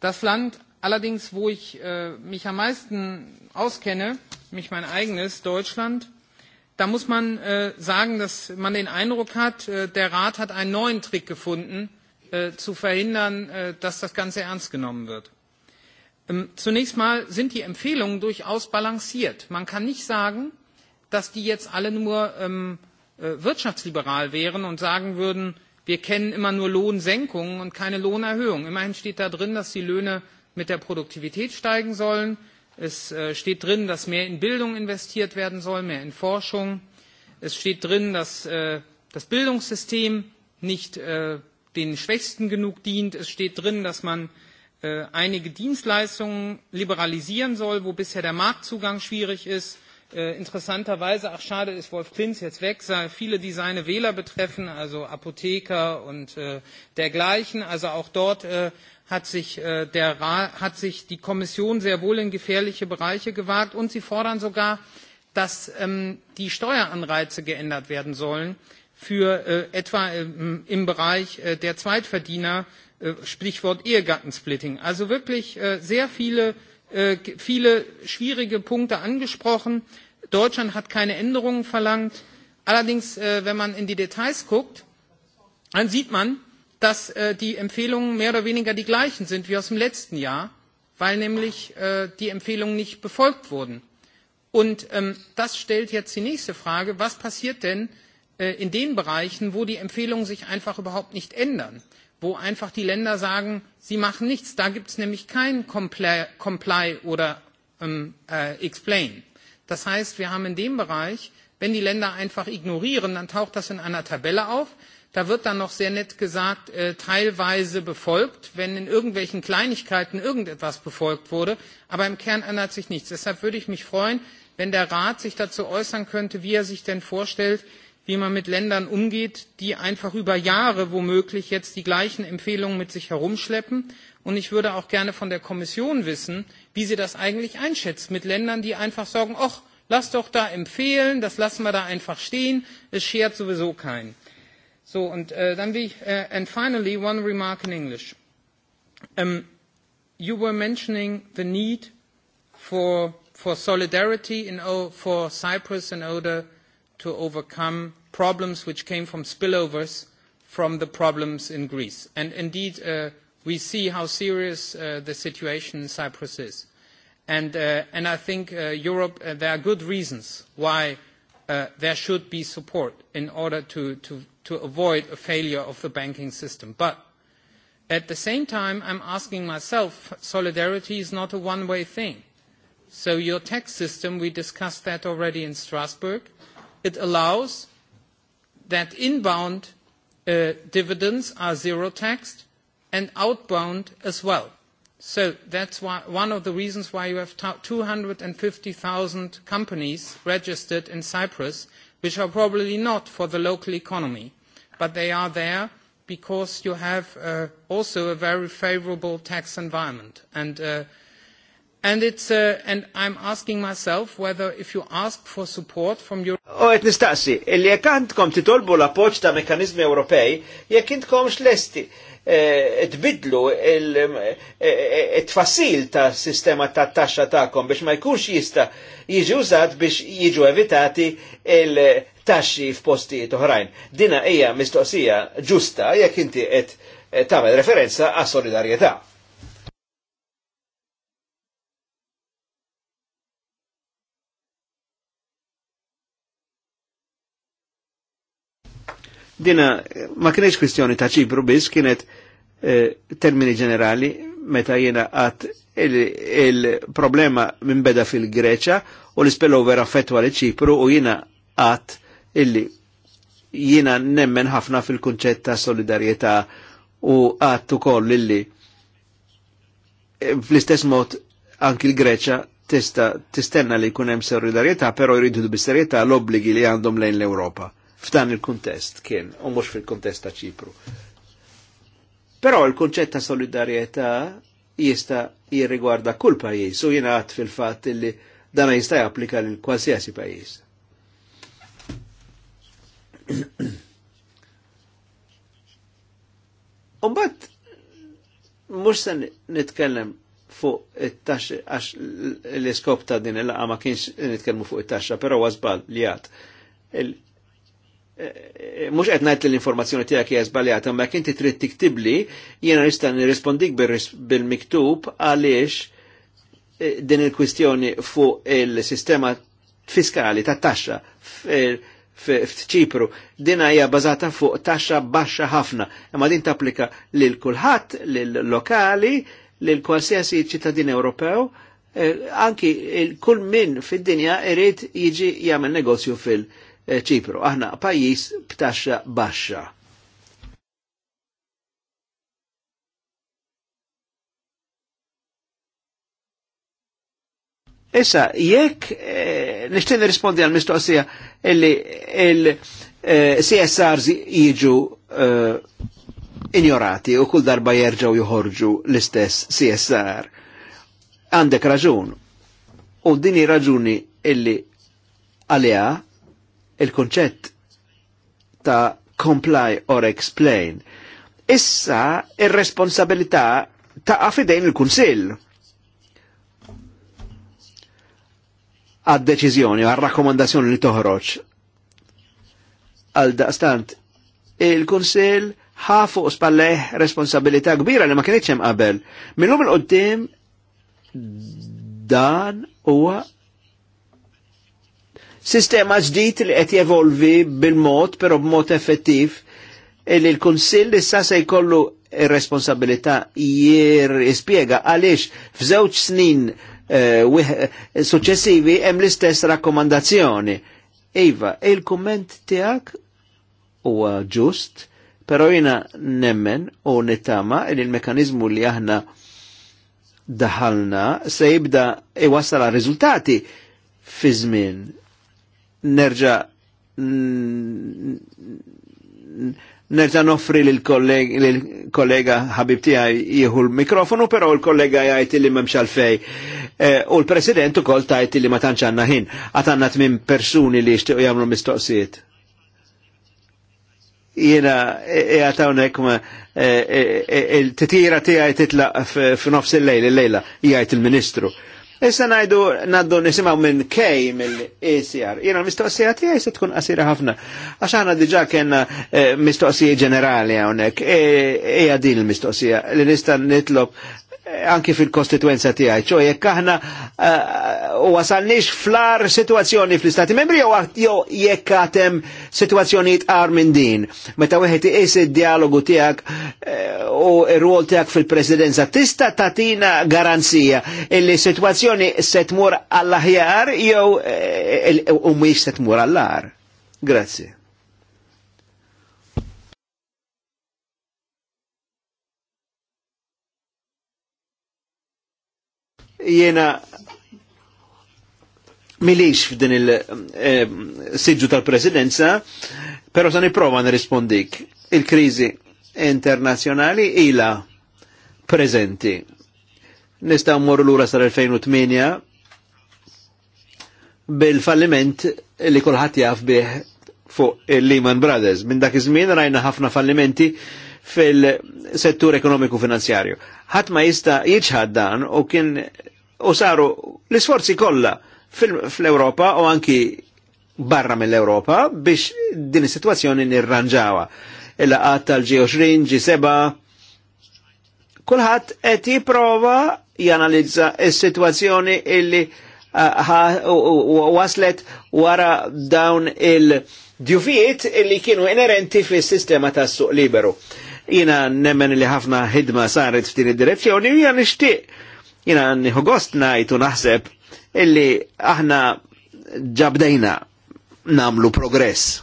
Das Land allerdings, wo ich äh, mich am meisten auskenne, mich mein eigenes, Deutschland, da muss man äh, sagen, dass man den Eindruck hat, äh, der Rat hat einen neuen Trick gefunden, äh, zu verhindern, äh, dass das Ganze ernst genommen wird. Ähm, zunächst mal sind die Empfehlungen durchaus balanciert. Man kann nicht sagen, dass die jetzt alle nur ähm, Äh, wirtschaftsliberal wären und sagen würden, wir kennen immer nur Lohnsenkungen und keine Lohnerhöhungen. Immerhin steht da drin, dass die Löhne mit der Produktivität steigen sollen. Es äh, steht drin, dass mehr in Bildung investiert werden soll, mehr in Forschung. Es steht drin, dass äh, das Bildungssystem nicht den Schwächsten genug dient. Es steht drin, dass man einige Dienstleistungen liberalisieren soll, wo bisher der Marktzugang schwierig ist. Äh, interessanterweise, ach schade, ist Wolf Klinz jetzt weg, sei viele, die seine Wähler betreffen, also Apotheker und äh, dergleichen. Also auch dort äh, hat sich, äh, der hat sich die Kommission sehr wohl in gefährliche Bereiche gewagt und sie fordern sogar, dass ähm, die Steueranreize geändert werden sollen für äh, etwa äh, im Bereich äh, der Zweitverdiener, äh, Sprichwort Ehegattensplitting. Also wirklich äh, sehr viele Äh, viele schwierige Punkte angesprochen. Deutschland hat keine Änderungen verlangt. Allerdings, äh, wenn man in die Details guckt, dann sieht man, dass äh, die Empfehlungen mehr oder weniger die gleichen sind wie aus dem letzten Jahr, weil nämlich die Empfehlungen nicht befolgt wurden. Und ähm, das stellt jetzt die nächste Frage, was passiert denn in den Bereichen, wo die Empfehlungen sich einfach überhaupt nicht ändern? wo einfach die Länder sagen, sie machen nichts. Da gibt es nämlich kein Comply, Comply oder ähm, äh, Explain. Das heißt, wir haben in dem Bereich, wenn die Länder einfach ignorieren, dann taucht das in einer Tabelle auf. Da wird dann noch sehr nett gesagt, äh, teilweise befolgt, wenn in irgendwelchen Kleinigkeiten irgendetwas befolgt wurde. Aber im Kern ändert sich nichts. Deshalb würde ich mich freuen, wenn der Rat sich dazu äußern könnte, wie er sich denn vorstellt, wie man mit Ländern umgeht, die einfach über Jahre womöglich jetzt die gleichen Empfehlungen mit sich herumschleppen. Und ich würde auch gerne von der Kommission wissen, wie sie das eigentlich einschätzt mit Ländern, die einfach sagen, ach, lass doch da empfehlen, das lassen wir da einfach stehen, es schert sowieso keinen. So, und uh, will ich uh, and finally, one remark in English. Um, you were mentioning the need for, for solidarity in, oh, for Cyprus in order to overcome problems which came from spillovers from the problems in Greece. And indeed, uh, we see how serious uh, the situation in Cyprus is. And, uh, and I think uh, Europe, uh, there are good reasons why uh, there should be support in order to, to, to avoid a failure of the banking system. But at the same time, I'm asking myself, solidarity is not a one-way thing. So your tax system, we discussed that already in Strasbourg it allows that inbound uh, dividends are zero taxed and outbound as well. So that's why, one of the reasons why you have 250,000 companies registered in Cyprus, which are probably not for the local economy, but they are there because you have uh, also a very favorable tax environment. And uh, And it's uh, and I'm asking myself whether if you ask for support from your nistaqsi, illi jekk għandkom titolbu l-appoġġ ta' mekkaniżmi Ewropej, jekk intkomx lesti eh, tbidlu il eh, eh, tfassil ta' sistema ta' taxxa tagħkom biex ma jkunx jista' jiġi użat biex jiġu evitati il-taxxi f'postijiet oħrajn. Dina hija mistoqsija ġusta jekk inti qed tagħmel referenza għas solidarjetà. Dina ma kienx kwistjoni ta' ċipru biss, kienet eh, termini ġenerali meta jiena għat il-problema il minn beda fil-Greċa u l-spillover affettwa li ċipru u jiena għat illi jiena nemmen ħafna fil-kunċett ta' solidarieta u u koll illi eh, fl-istess mod anki l-Greċa tista tistenna li jkun hemm solidarjetà, però jridu b'serjetà l-obbligi li għandhom lejn l-Ewropa f'dan il-kuntest kien, u mhux fil-kuntest ta' ċipru. Però il-konċett ta' solidarjetà jista jirrigwarda kull pajjiż u jiena għad fil-fatt li dana jista' japplika lil qualsiasi pajjiż. <clears throat> Umbat, mux se nitkellem fuq it-taxxa għax l-iskop ta' din il-laqa ma kienx nitkellmu fuq it-taxxa, però għazbal li għad mux qed ngħid l-informazzjoni tiegħek jgħaz baljata, ma inti trid tiktibli jiena nista' nirrispondik bil-miktub għaliex eh, din il-kwistjoni fuq il-sistema fiskali ta' taxxa f'Ċipru. Din hija bażata fuq taxxa baxxa ħafna, imma din tapplika lil kulħadd, lil lokali, lil kwalsiasi ċittadin Ewropew, eh, anki kull min fid-dinja irid jiġi jagħmel negozju fil- Eh, ċipru. Aħna pajjiż b'taxxa baxxa. Issa, jekk eh, nishtin għall għal mistoqsija illi il-CSRs eh, jiġu injorati eh, ignorati u kull darba jerġaw joħorġu l-istess CSR. Għandek raġun. U dini raġuni illi għalija il-konċett ta' comply or explain. Issa il responsabilità ta' fidejn il-Kunsill. Għad-deċizjoni, għad-rakkomandazzjoni li toħroġ. Għal daqstant, il-Kunsill ħa spalleħ responsabilità kbira li ma kienieċem hemm qabel. Millum il-qoddim dan huwa Sistema ġdid li qed jevolvi bil-mod, però b'mod effettiv, e li l-Kunsill issa se jkollu responsabilità jir ispiega għaliex f'żewġ snin uh, successivi hemm l-istess rakkomandazzjoni. Iva, il-komment tiegħek huwa ġust, però jina nemmen u nittama li l-mekanizmu li aħna daħalna se jibda iwassala riżultati fi żmien nerġa nerġa noffri l-kollega ħabib tiegħi jieħu l-mikrofonu, però l-kollega jgħid li memxal fej. Eh, u l-President ukoll tajt li ma tantx għandna ħin, għad għandna tmien persuni li jixtiequ jagħmlu mistoqsijiet. Jiena qiegħed e, hawnhekk e, e, il-titjira f'nofs il-lejl, il-lejla, jgħid il-Ministru. il lejla jgħid lejla jgħid il ministru Issa najdu naddu nisimaw minn Kej mill-ACR. Jena mistoqsija tijaj se tkun qasira ħafna. Għax diġa kena eh, mistoqsija ġenerali għonek. Eh, eja din l-mistoqsija li nista nitlob anki fil-kostituenza tiegħi, ċo jekk aħna eh, u wasalniex flar situazzjoni fl-Istati Membri jew jekk għatem situazzjoni jitqar minn din. Meta weħet iqis id-dialogu tiegħek eh, u il rol tiegħek fil-Presidenza tista' tatina garanzija illi situazzjoni se tmur għall-aħjar jew eh, u setmur se għall-ar. Grazie. jena milix f'din il-sidġu eh, tal-presidenza, pero sa' niprofa nirrispondik. Il-krizi internazjonali ila prezenti. Nistaw mmorru l-ura sal-2008 bil-falliment li kullħat jaf bih fuq il-Lehman Brothers. Minn dak iż-żmien rajna ħafna fallimenti fil-settur ekonomiku finanzjarju. Ħadd ma jista' jiġħad dan u kien u saru l-isforzi kollha fl-Europa u anki barra mill-Europa biex din is-sitwazzjoni nirranġawa. Illa laqat tal tal-G20, G7, kulħadd qed jipprova janalizza is-sitwazzjoni illi uh, waslet wara dawn il-djufijiet illi kienu inerenti fis-sistema tas-suq liberu. Jina nemmen li ħafna ħidma saret f'din id-direzzjoni u jgħan nixtieq Jina nħu gost najt u naħseb illi aħna ġabdejna namlu progress.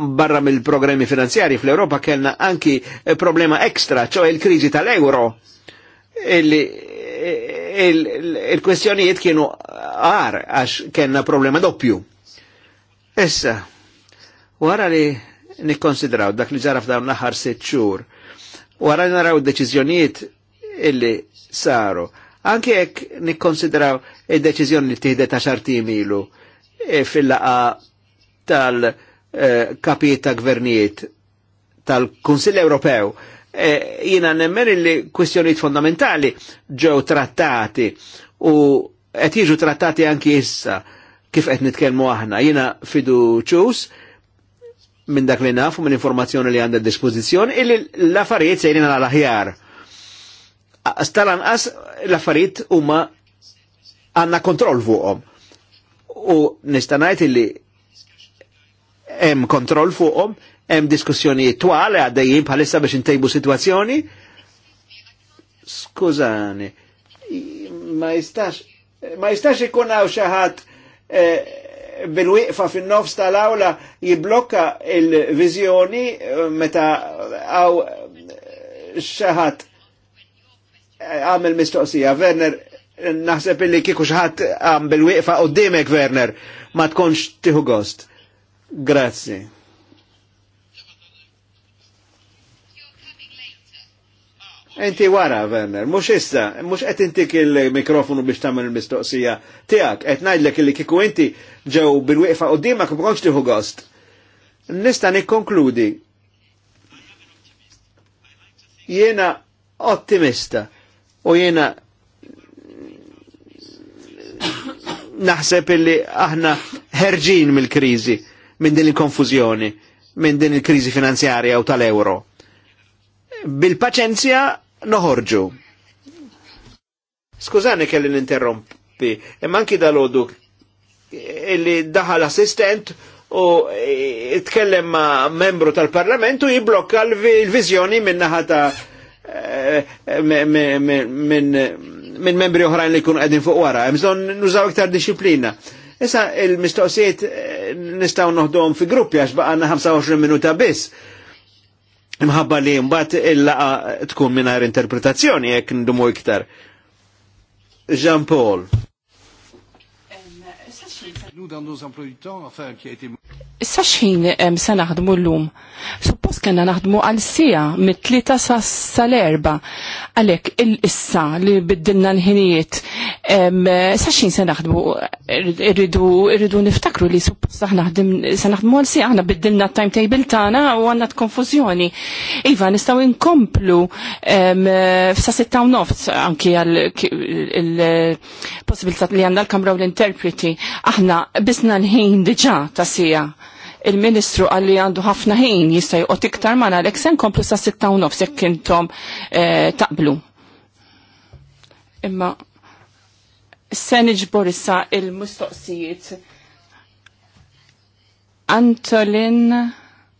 Barra mill-programmi finanzjari fl-Europa kellna anki problema ekstra, ċo il-kriġi tal-euro, illi il-kwestjonijiet il kienu għar għax kellna problema doppju. Issa, wara li nikkonsidraw dak li ġara f'dawn l-aħħar sitt xhur, wara naraw deċizjoniet illi saru. Anke jekk nikkonsidraw id-deċiżjoni li tieħdet ta' xartim ilu e fil-laqa tal-kapijiet ta' gvernijiet tal-Kunsill Ewropew, e, jina nemmen li kwestjoniet fondamentali ġew trattati u qed jiġu trattati anki issa kif qed nitkellmu aħna. Jina fidu ċus minn dak li nafu minn informazzjoni li għandha dispożizzjoni illi l-affarijiet sejrin għal aħjar. Stalanqas l-affarijiet huma għandna kontroll fuqhom. U nista' ngħid illi hemm kontroll fuqhom, hemm diskussjonijiet twal għaddejjin bħalissa biex intejbu situazzjoni. Skużani, ma jistax ma jistax ikun hawn xi ħadd eh, bil-wiqfa fin-nofs tal-awla jiblokka il-viżjoni eh, meta għaw xaħat eh, għamil mistoqsija. Werner, naħseb illi kiku xaħat għam bil-wiqfa u Werner, ma tkunx tiħu gost. Grazie. Enti wara, Werner, mux issa, mux qed intik il-mikrofonu biex tagħmel il-mistoqsija tiegħek, qed ngħidlek li kiku inti ġew bil-wieqfa u dima kontx tiħu gost. Nista' nikkonkludi. Jena ottimista u jena naħseb illi aħna ħerġin mill krizi minn din il konfuzjoni minn din il krizi finanzjarja u tal-euro bil-paċenzja noħorġu. Skużani kelli ninterrompi, imma anki dal-ħodu illi daħal assistent u itkellem ma' membru tal-parlamentu jiblokka l-vizjoni minnaħa ħata eh, minn membri oħrajn li kun għedin fuq wara. Mżon nużaw iktar disciplina. Issa il-mistoqsijiet eh, nistaw noħdom fi gruppi għax baqanna 25 minuta biss imħabba li mbagħad il tkun mingħajr interpretazzjoni jekk ndumu iktar. Jean Paul. Issa xħin se naħdmu l-lum. Suppost kena naħdmu għal-sija mit-tlita sal-erba. Għalek il-issa li biddilna l-ħinijiet. Issa xħin se naħdmu irridu niftakru li suppos se naħdmu għal-sija għana biddilna timetable tana u għanna t-konfuzjoni. Iva, nistaw inkomplu f'sa sitta u nofs anki għal-possibilitat li għanna l-kamra u l-interpreti. Aħna bisna l-ħin diġa ta' sija. Il-ministru għalli għandu ħafna ħin jista' u iktar ma għalek sen komplu sa' sitta u nofs jekk intom eh, taqblu. Imma sen iġbor issa il-mistoqsijiet. Antolin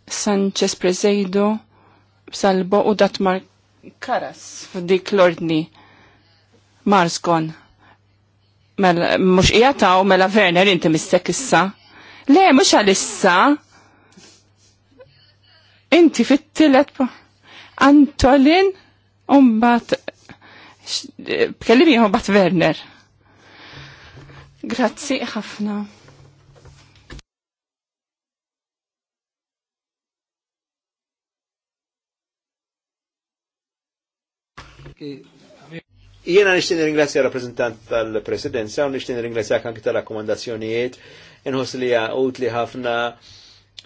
Sanchez Prezedo Salbo u Datmar Karas f'dik l-ordni Marskon mux mela, ijataw mela Werner inti mistek issa. Le, mux għal-issa. Inti fit-tilet. Antolin, umbat, b'kellimi bat Werner. Grazzi ħafna. Okay. Jena nishtin ringrazzja rappresentant tal-presidenza u nishtin ringrazzja anki tal-rakkomandazzjonijiet nħos li utli ħafna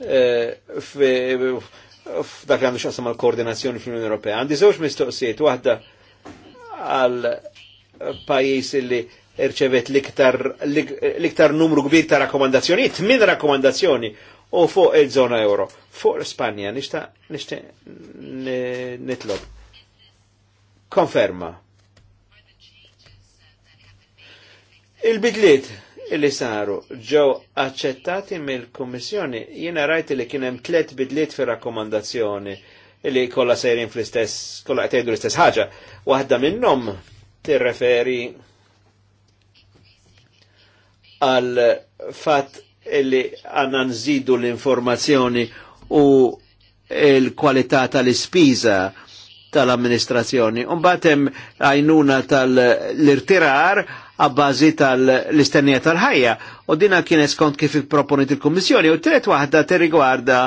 eh, f'dak li għandu xaqsam għal-koordinazzjoni fl-Unjoni Ewropea. Għandi żewġ mistoqsijiet, waħda għal pajis li irċevet l-iktar numru kbir ta' rakkomandazzjonijiet, min rakkomandazzjoni u fuq il-żona euro. Fuq l-Spanja, nishta nitlob. Konferma Il-bidliet li saru ġew aċċettati mill-Kummissjoni jiena rajt li kien hemm tliet bidliet fir-rakkomandazzjoni li kollha sejrin fl-istess, kollha qed l-istess ħaġa. Waħda minnhom tirreferi għal fatt li għanna nżidu l-informazzjoni u l-kwalità tal-ispiża tal-amministrazzjoni. Umbatem għajnuna tal-irtirar għabbażi tal-istennija tal-ħajja. U dina kienet skont kif proponit il-Kommissjoni. U tret wahda waħda terrigwarda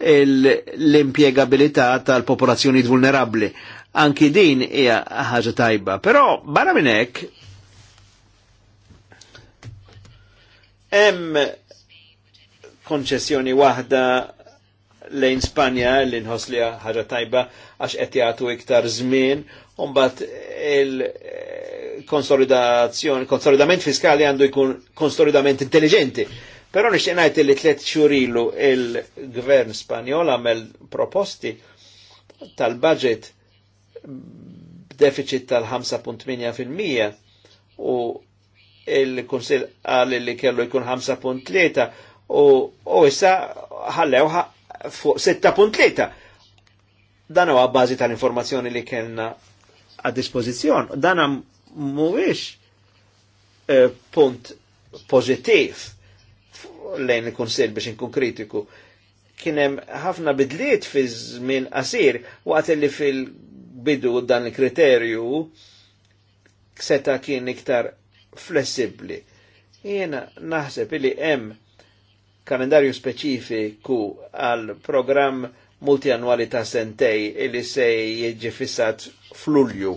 l-impiegabilità tal-popolazzjoni vulnerabli. Anki din hija ħaġa tajba. Però barra minn hekk hemm konċessjoni waħda lejn Spanja li nħos li ħaġa tajba għax qed jagħtu iktar żmien u mbagħad il-konsolidazzjoni, eh, konsolidament fiskali għandu jkun konsolidament intelligenti. Però nixtieq ngħid li tliet xhur ilu il-Gvern Spanjol għamel proposti tal-budget deficit tal-5.8% u il-Kunsil għal li kellu jkun 5.3 u issa ħallew fuq 6.3. Dan huwa bażi tal-informazzjoni li kellna għad dispożizzjon. Dan mhuwiex e, punt pożittiv lejn il-Kunsill biex inkun kritiku. Kien hemm ħafna bidliet fi żmien qasir waqt li fil-bidu dan il-kriterju seta kien iktar flessibbli. Jiena naħseb li hemm kalendarju speċifiku għal programm multianwali ta' sentej illi se jieġi fissat fl-ulju,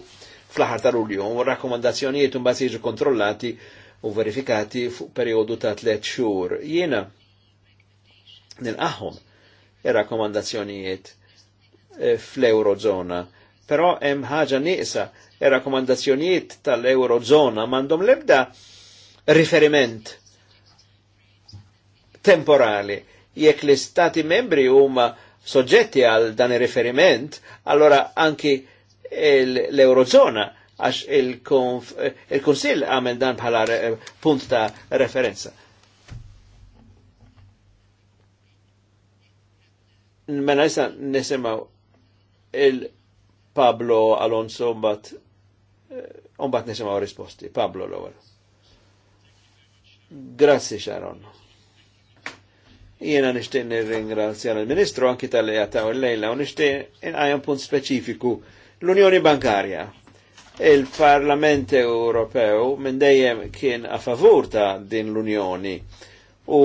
fl-ħar ta' ulju, u rakkomandazzjonijiet un jiġu kontrollati u verifikati fuq periodu ta' tlet xhur. Jiena nilqaħħom il rakkomandazzjonijiet e, fl-Eurozona, però hemm ħaġa nisa ir-rakkomandazzjonijiet tal-Eurozona m'għandhom l-ebda riferiment temporali. Jekk l-istati membri huma soġġetti għal dan il-riferiment, allora anki l-Eurozona għax il-Konsil għamel dan bħala punt ta' referenza. Mena jisa nisimaw il-Pablo Alonso mbat eh, mbat nisimaw risposti. Pablo l-ewel. Grazie, Sharon. Jiena nixtieq nirringrazzja l-Ministru anki tal-li għataw il-lejla u nixtieq għajan punt speċifiku l-Unjoni Bankarja. Il-Parlament Ewropew minn dejjem kien a favur ta' din l-Unjoni u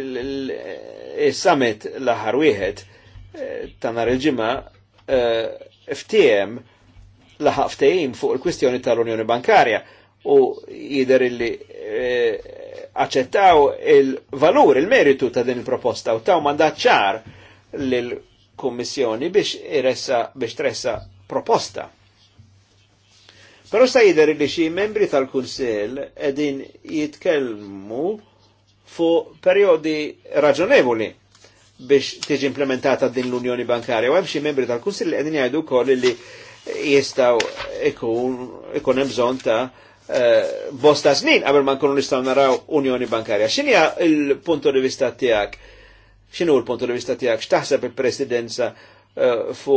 il-summit l-aħar wieħed eh, ta' nar il ġimma eh, ftiem laħaftejim fuq il-kwistjoni tal-Unjoni Bankarja u jider illi eh, aċċettaw il-valur, il-meritu ta' din il-proposta u ta' mandat ċar l-Kommissjoni biex iressa biex tressa proposta. Però sta jider li xi membri tal-Kunsell edin jitkellmu fu periodi raġonevoli biex tiġi implementata din l-Unjoni Bankarja. U hemm xi membri tal-Kunsill li qegħdin jgħidu wkoll li jistgħu ikun hemm bżonn ta' Eh, bosta snin għabel ma nkunu nistgħu naraw Unjoni Bankarja. X'inhi il-punto di vista tiegħek? X'inhu l-punto di vista tiegħek? X'taħseb il-Presidenza eh, fu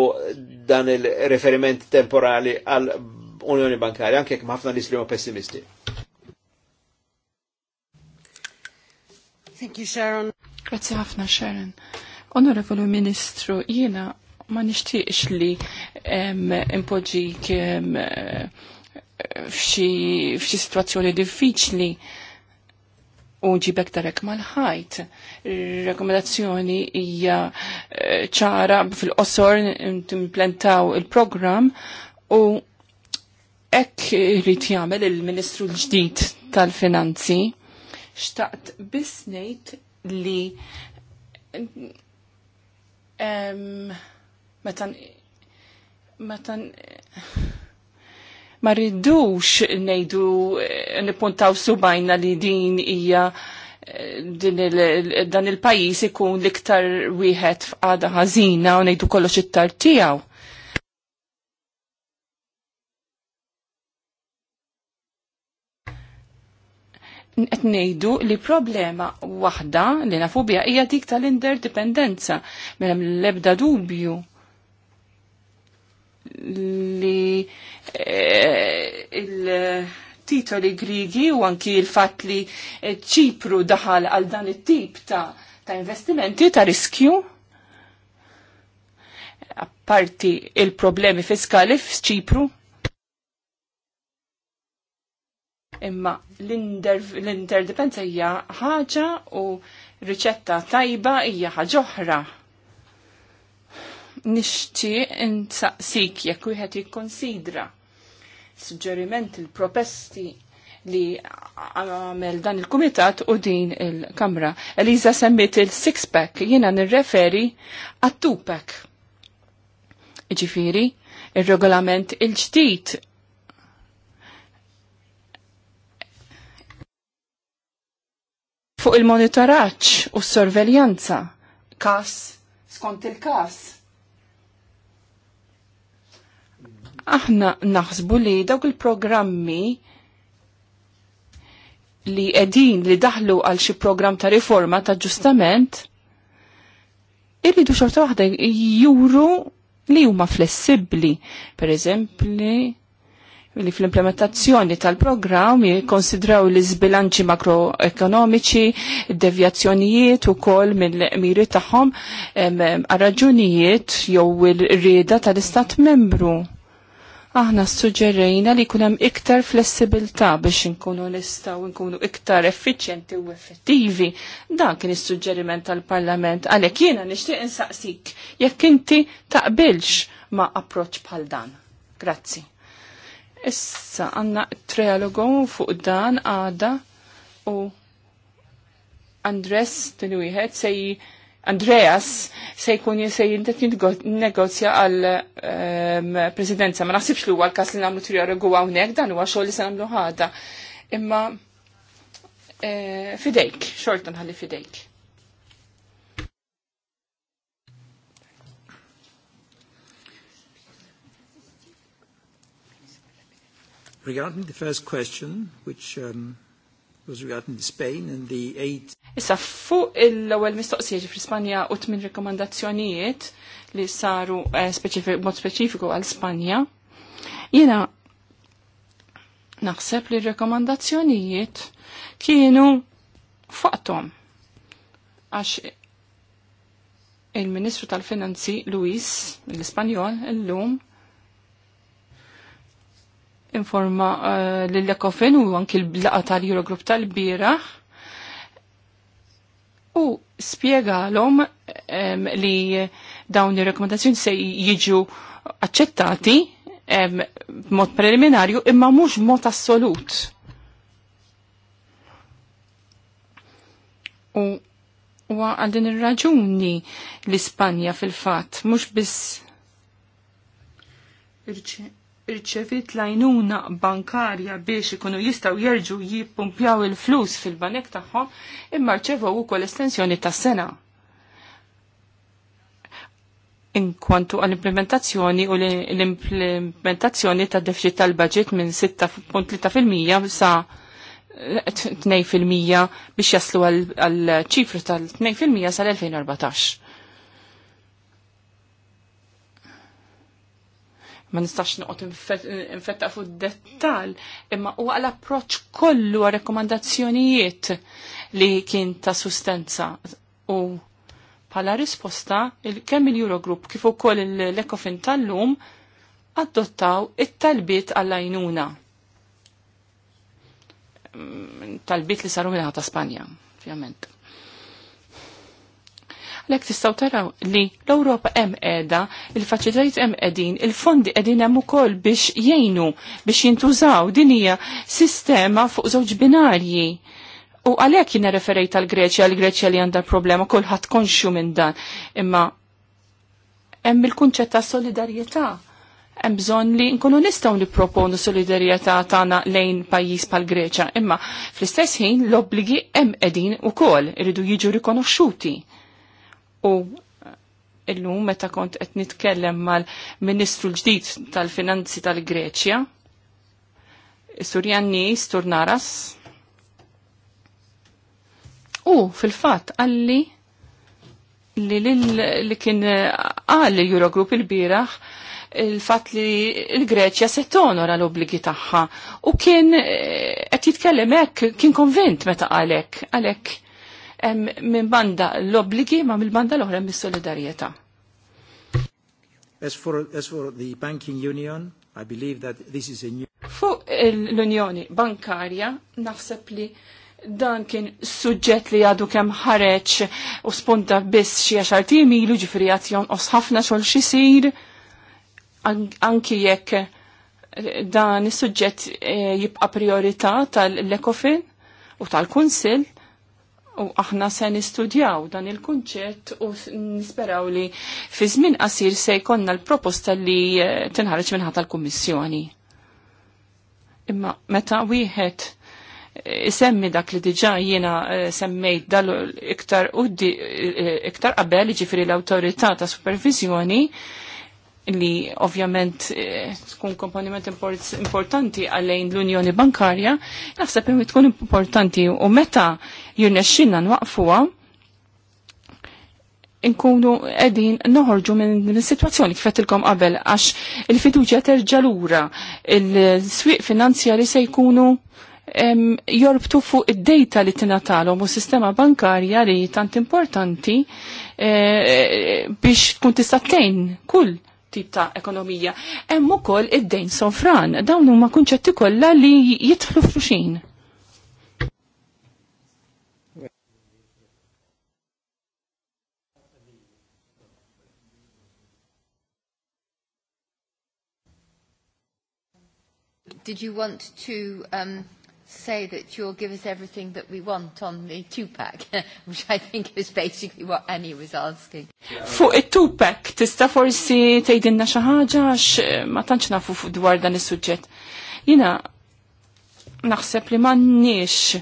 dan il-referiment temporali għal Unjoni Bankarja, anke jekk ħafna nisli li huma pessimisti. Thank you, Sharon. Grazie ħafna, Sharon. Onorevolu Ministru, jiena ma nixtieqx li impoġik f'xi situazzjoni diffiċli u ġibek darek mal-ħajt. Rekomendazzjoni hija eh, ċara fil-qosor timplentaw il-programm u hekk rrit jagħmel il-Ministru l-ġdid tal-Finanzi xtaqt biss ngħid li metan metan ma rridux nejdu eh, nipuntaw subajna li din hija eh, dan il-pajis ikun liktar wieħed f'qada ħażina u ngħidu kollox it-tar tiegħu. qed ngħidu li problema waħda li nafu biha hija dik tal-interdependenza mela l-ebda dubju li eh, il-titoli grigi u anki il-fat li eh, ċipru daħal għal dan it-tip ta', ta investimenti ta' riskju apparti il-problemi fiskali f'ċipru imma l-interdependenza hija ħaġa u riċetta tajba hija ħaġa oħra nixtieq insaqsik jekk wieħed jikkonsidra suġġeriment il-propesti li għamel dan il-kumitat u din il-kamra. Eliza semmit il-six-pack, jiena nirreferi għat-two-pack. Ġifiri, il-regolament il-ġdid fuq il-monitoraċ u s-sorveljanza, kas skont il-kas aħna naħsbu li dawk il-programmi li edin li daħlu għal xi program ta' riforma ta' ġustament irridu xorta waħda juru li huma flessibbli. Per eżempli, li fl-implementazzjoni tal-programm jikonsidraw l sbilanċi makroekonomiċi, devjazzjonijiet u kol mill-miri taħħom għarraġunijiet jew il-rieda tal-istat membru aħna suġġerejna li kunem iktar flessibilità biex nkunu nistaw nkunu iktar effiċjenti u effettivi. Dan kien is-suġġeriment tal-Parlament għalhekk jiena nixtieq insaqsik jekk inti taqbilx ma' approċċ bħal dan. Grazzi. Issa għandna trialogu fuq dan għada u Andres din wieħed se Andreas se jkun se jintet negozja għal ehm, presidenza. Ma naħsibx li huwa l kas li nagħmlu triorogu hawnhekk dan huwa xogħol li se nagħmlu ħada. Imma e, fidejk, xorta nħalli fidejk. Regarding the first question, which um, was regarding Spain and the Issa fuq l-ewwel mistoqsija ġi fl-Ispanja u tmin rekomandazzjonijiet li saru eh, mod speċifiku għal Spanja. Jiena naħseb li rekomandazzjonijiet kienu faqtom għax il-Ministru tal-Finanzi Luis, l-Ispanjol, l-lum, il informa eh, l-Lekofin u anki l blaqa tal-Eurogroup tal-bira u um, li dawn il-rekomendazzjoni se jiġu accettati mod preliminarju imma mhux mod assolut. U huwa il din ir-raġuni l-Ispanja fil-fatt mhux biss irċevit lajnuna bankarja biex ikunu jistaw jerġu jippumpjaw il-flus fil-banek tagħhom imma rċevu wkoll estensjoni tas sena. Inkwantu għall-implementazzjoni u l-implementazzjoni ta' deficit tal-budget minn 6.3% sa 2% biex jaslu għal ċifru tal-2% sal-2014 ma nistax noqgħod infetta fuq dettal, imma huwa l-approċċ kollu għal rekomandazzjonijiet li kien ta' sustenza u bħala risposta kemm il-Eurogroup kif ukoll l ekofin tal-lum adottaw it-talbiet għall-għajnuna mm, talbiet li saru minna ta' Spanja, fjament. Lek tistaw taraw li l-Europa hemm qiegħda, il-faċilitajiet hemm qegħdin, il-fondi qegħdin hemm ukoll biex jgħinu biex jintużaw din hija sistema fuq żewġ binarji. U għalhekk jina referejt għal Greċja, għal Greċja li għandha problema kulħadd konxu minn dan. Imma hemm il-kunċett ta' solidarjetà hemm bżonn li nkunu nistgħu nipproponu solidarjetà tagħna lejn pajjiż bħal Greċja, imma fl-istess ħin l-obbligi hemm qegħdin ukoll iridu jiġu rikonoxxuti. U eh, illu meta kont qed nitkellem mal-Ministru l-ġdid tal-Finanzi tal-Greċja, Surjanni Sturnaras, u fil-fatt għalli li li kien eh, għalli l-Eurogroup il-biraħ il-fat li il-Greċja se tonora l-obligi tagħha u kien eh, qed jitkellem hekk kien konvent meta għalek għalek minn banda l-obbligi ma mill banda l-oħra mis solidarjetà As for, as for the banking union, I believe that this is a new... Fuq l-Unjoni Bankarja, naħseb li dan kien suġġett li għadu kem ħareċ u spunta biss xie xartim ilu għazzjon u sħafna xol xisir anki jekk eh, dan is-suġġett eh, jibqa priorità tal-Ekofin u tal-Kunsil U aħna se nistudjaw dan il-kunċett u nisperaw li fi żmien qasir se jkollna l-proposta li eh, tinħarġ minnħata tal-Kummissjoni. Imma meta wieħed eh, semmi dak li diġà jiena eh, semmejt dal iktar uddi, iktar qabel jiġifieri l awtorità ta' supervizjoni, li ovvjament eh, tkun komponiment importanti għalejn l-Unjoni Bankarja, naħseb li tkun importanti u meta jirnexxinna nwaqfuha inkunu edin noħorġu minn situazzjoni kif qedtilkom qabel għax il-fiduċja terġa' lura il-swieq finanzjari se jkunu jorbtu fuq id-data li tinatalhom u sistema bankarja li tant importanti eh, biex tkun tista' tgħin kull tip ta' ekonomija. Hemm ukoll id-dejn sofran, dawn huma kunċetti kollha li jidħlu f'xulxin. Did you want to um, say that you'll give us everything that we want on the two-pack, <laughs> which I think is basically what Annie was asking. Fuq it-two-pack, tista forsi tejdinna xaħġa għax eh, ma tantx nafu dwar dan is-suġġett. Jina, naħseb li m'għandniex eh,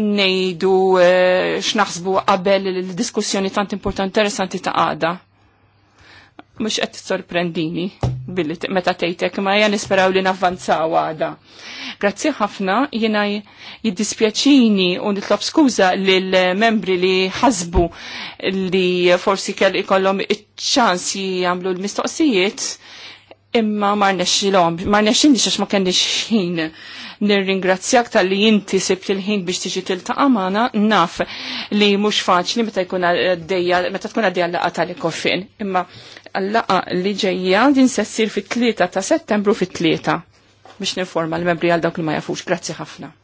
nejdu eh, x'naħsbu qabel il-diskussjoni tant importanti interessanti ta' għada. Mhux qed sorprendini billi meta tgħidek ma hija nisperaw li navvanzaw għada. Grazzi ħafna jiena jiddispjaċini u nitlob skuża lil membri li ħasbu li forsi kell ikollhom iċ-ċans jagħmlu l-mistoqsijiet imma marnexxilhom, marnexxilni xax ma kenniex ħin. Nirringrazzjak tal-li inti sibt il-ħin biex tiġi tiltaqa' magħna naf li mhux faċli meta jkun għaddejja meta tkun għaddejja laqgħa tal-ikofin. Imma għallaqa li ġejja din se ssir fit tlieta ta' settembru fit tlieta biex ninforma l-membri għal dawk li ma jafux. Grazzi ħafna.